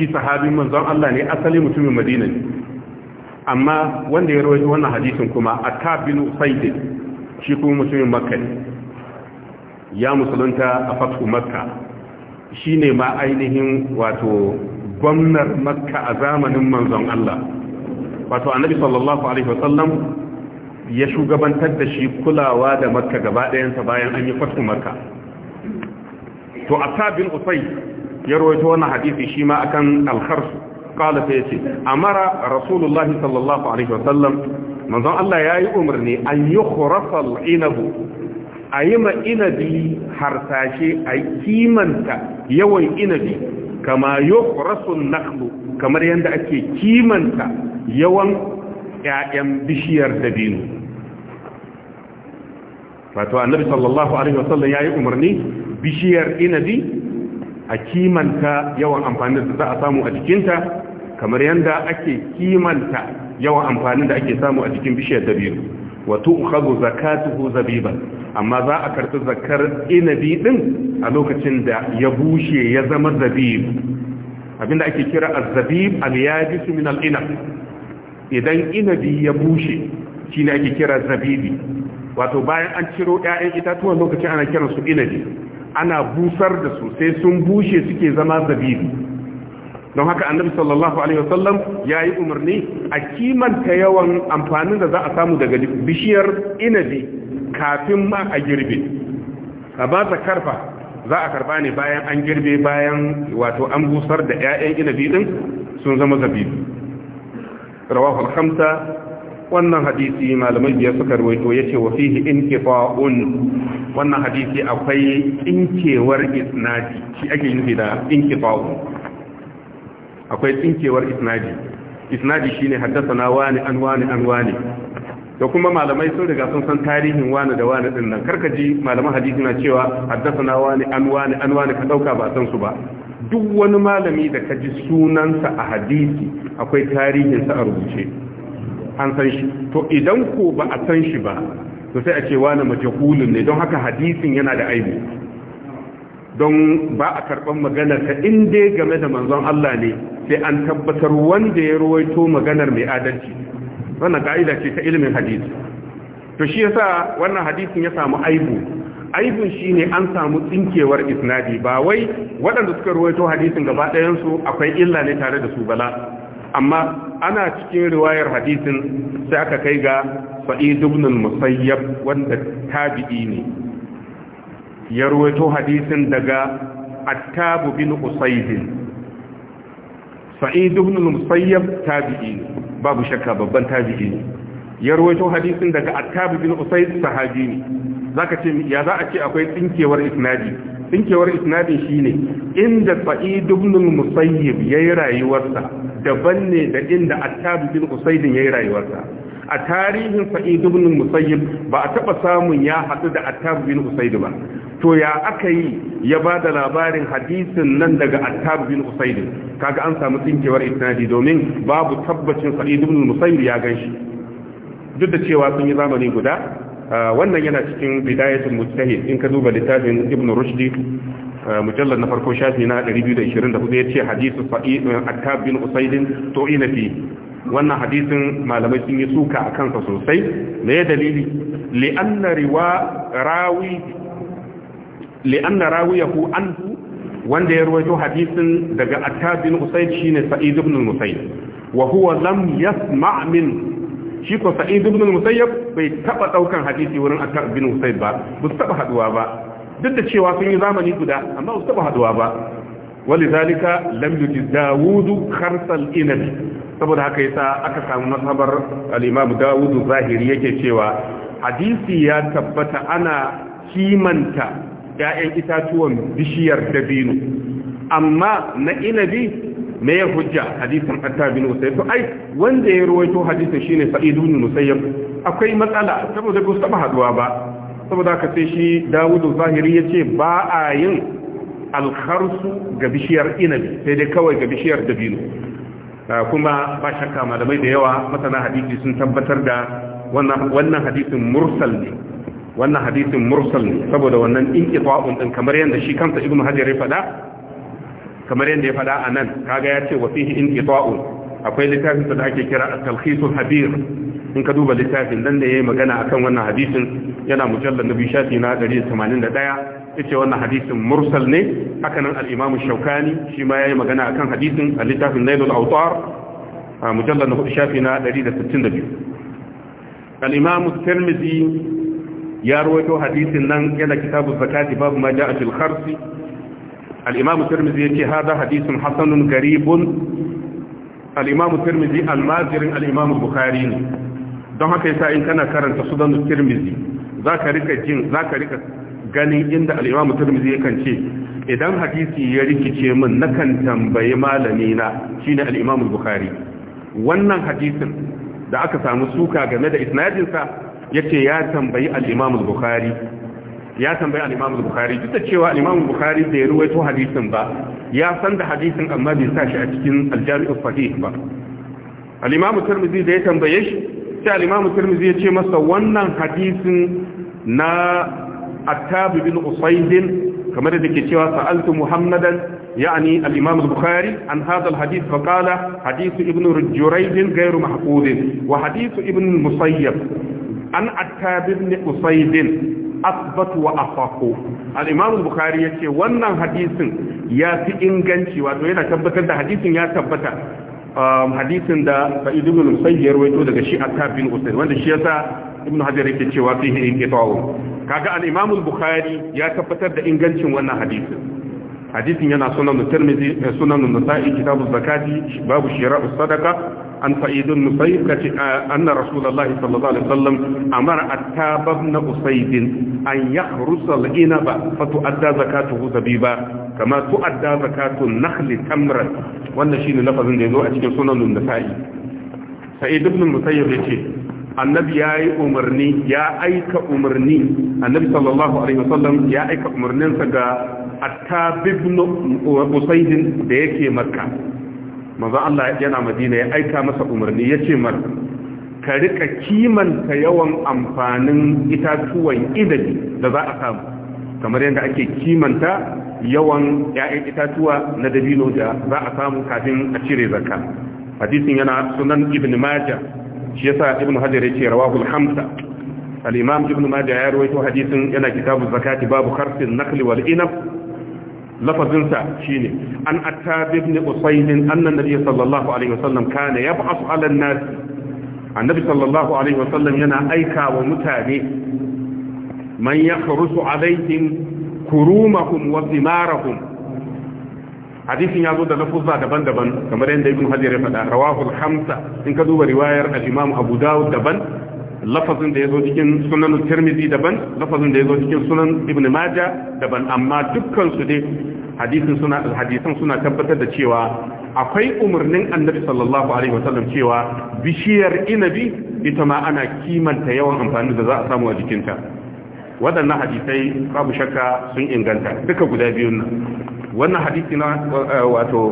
Speaker 1: shi sahabin manzon Allah ne asali mutumin madina ne amma wanda ya rawaito wannan hadisin kuma a bin usayd shi kuma musulmin makka ne ya musulunta a fatu makka shine ma ainihin wato gwamnar makka a zamanin manzon Allah wato annabi sallallahu alaihi wasallam ya shugabantar da shi kulawa da makka gaba ɗayansa bayan an yi fatu makka to a asabin usai ya rawaito wannan hadisi shi ma akan alkharsu قال فيتي أمر رسول الله صلى الله عليه وسلم من ظن الله يا أمرني أن يخرص العنب أيما إنبي حرساشي أي كيمنت يوي إنبي كما يخرص النخل كما يند أكي كيمنت يوم يأم بشير دبينو wato annabi sallallahu alaihi wasallam yayi umarni bishiyar inabi a kimanta yawan amfani da za a samu a jikinta kamar yadda ake kimanta yawan amfanin da ake samu a cikin bishiyar dabiru wa tu'khadhu zakatuhu zabiba, amma za a karɓi zakar inabi din a lokacin da ya bushe ya zama zabib abinda ake kira az-zabib al-yabis min al-inab idan inabi ya bushe shine ake kira zabibi wato bayan an ciro ƴaƴan itatuwan lokacin ana kiransu inabi ana busar da su sai sun bushe suke zama zabibi don haka annabi sallallahu alaihi wasallam ya yi umarni a kimanta yawan amfanin da za a samu daga bishiyar inabi kafin ma a girbe a ba ta karfa za a karba ne bayan an girbe bayan wato an busar da 'ya'yan inabi din sun zama zabibi rawahu al-khamsa wannan hadisi malamai biyar suka rawaito ce wa fihi kifa'un wannan hadisi akwai inkewar isnadi shi ake yin da kifa'un akwai tsinkewar isnadi isnadi shine na wani an wani an wani da kuma malamai sun riga sun san tarihin wani da wani din nan karkaji malaman hadisi na cewa haddasa na wani an wani an wani ka dauka ba san su ba duk wani malami da ka ji sunansa a hadisi akwai tarihin sa a rubuce an san shi to idan ko ba a san shi ba to sai a ce wani majahulun ne don haka hadisin yana da aibu don ba a karɓar maganar ta in dai game da manzon Allah ne sai an tabbatar wanda ya ruwaito maganar mai adalci wannan ka'ida ce ta ilimin hadisi to shi yasa wannan hadisin ya samu aibu aibun shine an samu tsinkewar isnadi ba wai waɗanda suka ruwaito hadisin gaba ɗayan su akwai illa ne tare da su bala amma ana cikin riwayar hadisin sai aka kai ga sa'id ibn musayyab wanda tabi'i ne ya ruwato hadisin daga attabu bin usaidin sa'id ibn musayyab tabi'i babu shakka babban tabi'i ya ruwato hadisin daga attabu bin usaid sahabi ne zaka ce ya za a ce akwai tsinkewar isnadi tsinkewar isnadi shine inda sa'id ibn musayyab yayi rayuwarsa daban ne da inda attabu bin usaid yayi rayuwarsa a tarihin sa'id ibn musayyib ba a taba samun ya hadu da attab bin usayd ba to ya aka yi ya ba da labarin hadisin nan daga attab bin usayd kaga an samu tsinkewar isnadi domin babu tabbacin sa'id ibn musayyib ya ganshi duk da cewa sun yi zamani guda wannan yana cikin bidayatul mujtahid in ka duba littafin ibn rushdi mujallar na farko shafi na 224 ya ce hadisin attab bin usayd to ina fi wannan hadisin malamai sun yi suka a kansa sosai da ya dalili li'anna rawi li'anna rawiyahu wanda ya ruwaito hadisin daga Attab bin Usayd shine Sa'id ibn Musayyib wa huwa lam yasma' min shi ko Sa'id ibn Musayyib bai taba daukan hadisi wurin Attab bin ba ba su taba haduwa ba duk da cewa sun yi zamani guda amma ba su taba haduwa ba walidhalika lam yuti dawudu kharsal inabi saboda haka yasa aka samu masabar al-imam dawudu zahiri yake cewa hadisi ya tabbata ana kimanta ya'yan itatuwan bishiyar dabino amma na inabi me ya hujja hadisin attabi ne to ai wanda ya ruwaito hadisin shine sa'id ibn musayyab akwai matsala saboda ba su taba haduwa ba saboda haka sai shi dawudu zahiri yace ba a yin alkharsu ga bishiyar inabi sai dai kawai ga bishiyar dabino ah, kuma ba shakka malamai da yawa masana hadisi sun tabbatar da wannan hadisin mursal ne wannan hadisin mursal ne saboda wannan inqita'un din kamar yanda shi kansa ibnu hajar ya faɗa kamar yanda ya faɗa anan kaga ya ce wa fihi inqita'un akwai littafin da ake kira at-talkhisul habir in ka duba littafin dan da yayi magana akan wannan hadisin yana mujallal nabi shafi na 181 yace wannan hadisin mursal ne hakanan al-imam shaukani shi ma ya yi magana a kan hadisin a littafin nailul awtar mujallad na shafi na 162 al-imam tirmidhi ya rawaito hadisin nan yana kitabu zakati babu ma ja'a fil kharsi al-imam tirmidhi yace hada hadisin hasanun garibun al termizi tirmidhi al-mazirin bukhari ne don haka yasa in kana karanta termizi za ka rika jin za ka rika ganin inda al'imamu turmizi yakan ce idan hadisi ya rikice min na kan tambayi malami na shine al'imamu bukari wannan hadisin da aka samu suka game da isnadinsa ce ya tambayi al'imamu bukari ya tambayi al'imamu bukari duk da cewa al'imamu bukari da ya ruwaito hadisin ba ya san da hadisin amma bai sa shi a cikin aljami'ul sahih ba al'imamu turmizi da ya tambaye shi sai al'imamu turmizi ya ce masa wannan hadisin na attab bin usayd kamar da ke cewa sa'altu muhammadan يعني الإمام البخاري عن هذا الحديث فقال حديث ابن جريج غير محفوظ وحديث ابن المصيب عن عتاب بن أسيد أثبت وأصح الإمام البخاري يقول وانا حديث ياتي إنغانشي وأتوين أتبت هذا حديث ياتبت hadisin da sa'id ibn musayyir wato daga shi attab bin usayd wanda shi yasa ibn hajar yake cewa fihi inqita'u kaga al-imam al-bukhari ya tabbatar da ingancin wannan hadisi. hadisin yana sunan tirmidhi da eh, sunan nasa'i kitab az-zakati babu shira'u sadaqa an sa'id an musayyib kace eh, anna rasulullahi sallallahu alaihi wasallam amara at-tab ibn usayd an yahrusa al-inaba fatu'adda zakatuhu zabiba kama tu'adda zakatu an-nakhl tamran wannan shine lafazin da yazo a cikin sunan nasa'i sa'id ibn musayyib yace annabi ya yi umarni ya aika umarni annabi sallallahu alaihi wasallam ya aika umarninsa ga attabibnu usaidin da yake makka manzo Allah yana madina ya aika masa umarni yace ce mar ka rika kimanta yawan amfanin itatuwan idabi da za a samu kamar yadda ake kimanta yawan ya'yan itatuwa na dabino da za a samu kafin a cire zakka hadisin yana sunan ibn majah shi yasa ibnu hajar yake rawahu al-hamsa al-imam ibnu majah ya rawaito hadisin yana kitabu zakati babu kharfin nakli wal inab lafazin sa shine an attab ibn usayd anna nabiy sallallahu alaihi wasallam kana yab'ath ala an-nas annabi sallallahu alaihi wasallam yana aika wa mutane man yakhrusu alaihim kurumahum wa thimarahum hadisin ya zo da lafuzza daban-daban kamar yadda ibn hajar ya faɗa rawahu hamsa in ka duba riwayar al-imam abu dawud daban lafazin da ya zo cikin sunan tirmidhi daban lafazin da ya zo cikin sunan ibn maja daban amma dukkan su dai hadisin suna hadisan suna tabbatar da cewa akwai umarnin annabi sallallahu alaihi wasallam cewa bishiyar inabi ita ma ana kimanta yawan amfani da za a samu a jikinta waɗannan hadisai babu shakka sun inganta duka guda biyun nan wannan hadisi na eh, wato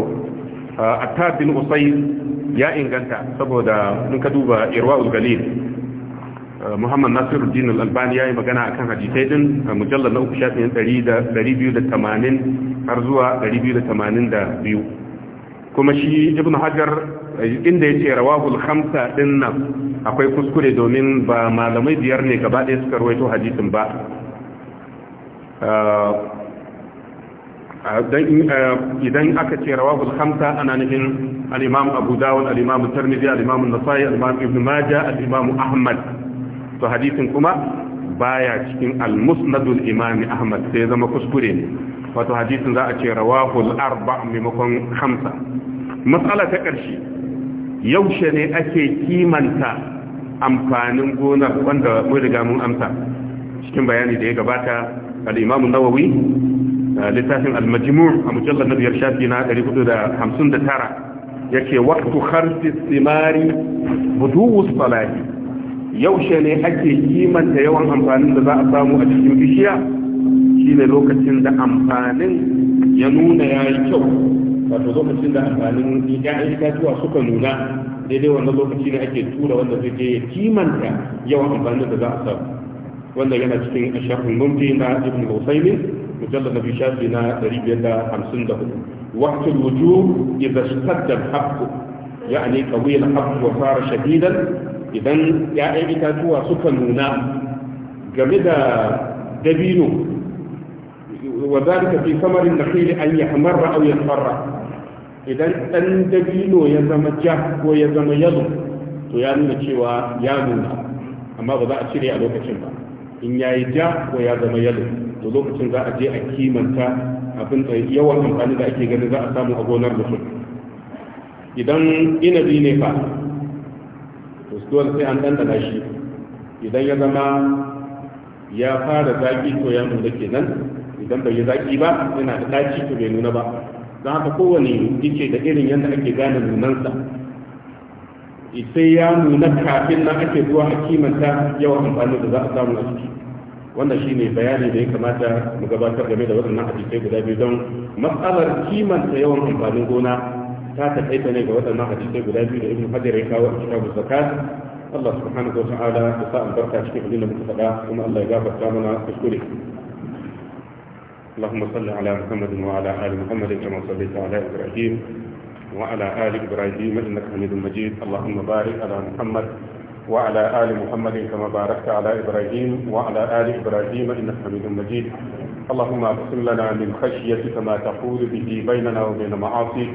Speaker 1: eh, attab bin usayd ya inganta saboda mun ka duba irwaul galil eh, muhammad nasiruddin al-albani yayi magana akan hadisai din mujallal na uku shafin 280 har zuwa 282 kuma shi ibnu hajar inda yace rawahul khamsa din nan akwai kuskure domin ba malamai biyar ne gaba ɗaya suka rawaito hadisin ba idan aka ce rawahul hamsa ana nufin al-imam abu dawud al-imam tirmidhi al-imam an-nasa'i al-imam ibn majah al-imam ahmad to hadisin kuma baya cikin al-musnad al-imam ahmad sai zama kuskure ne wato hadisin za a ce rawahul arba maimakon hamsa mas'ala ta karshe yaushe ne ake kimanta amfanin gonar wanda mun riga mun amsa cikin bayani da ya gabata al-imam an-nawawi littafin al-majmu' a mujallar na biyar shafi na 459 ke waqtu kharfi simari budu'u salati yaushe ne ake kimanta yawan amfanin da za a samu a cikin bishiya shi ne lokacin da amfanin ya nuna ya yi kyau wato lokacin da amfanin ya'yan itatuwa suka nuna daidai wannan lokaci ne ake tura wanda zai je ya kimanta yawan amfanin da za a samu ولا جانا الشرح الممتي نا ابن الغسيمي مجلد نبي شاب لنا دريب يدا خمسين دهو وقت الوجوب اذا اشتد الحق يعني قوي الحق وصار شديدا اذا يا ايبتا توا سكا نونا جمدا دبينو وذلك في ثمر النخيل ان يحمر او يحمر idan ɗan dabino ya zama ja ko ya zama yalo to ya nuna cewa ya nuna amma ba za a cire a lokacin ba in ya yi ja ko ya zama yalo to lokacin za a je a kimanta abin da yawan amfani da ake ganin za a samu a gonar mutum idan inabi ne fa to dole sai an dandana shi idan ya zama ya fara zaki to ya nuna kenan idan bai yi zaki ba yana da ɗaci to bai nuna ba don haka kowane yake da irin yadda ake gane nunansa sai ya nuna kafin nan ake zuwa a kimanta yawan amfani da za a samu a ciki wannan ne bayani da ya kamata mu gabatar game da waɗannan hadisai guda biyu don matsalar kimanta yawan amfanin gona ta taƙaita ne ga waɗannan hadisai guda biyu da ibn hajar ya kawo a cikin kitabu zakat Allah subhanahu wa ta'ala ya sa albarka cikin abin da muka faɗa kuma Allah ya gafarta mana kuskure اللهم صل على محمد وعلى آل محمد كما صليت على إبراهيم وعلى آل إبراهيم إنك حميد مجيد اللهم بارك على محمد وعلى آل محمد كما باركت على إبراهيم وعلى آل إبراهيم إنك حميد مجيد اللهم اقسم لنا من خشيتك ما تقول به بيننا وبين معاصيك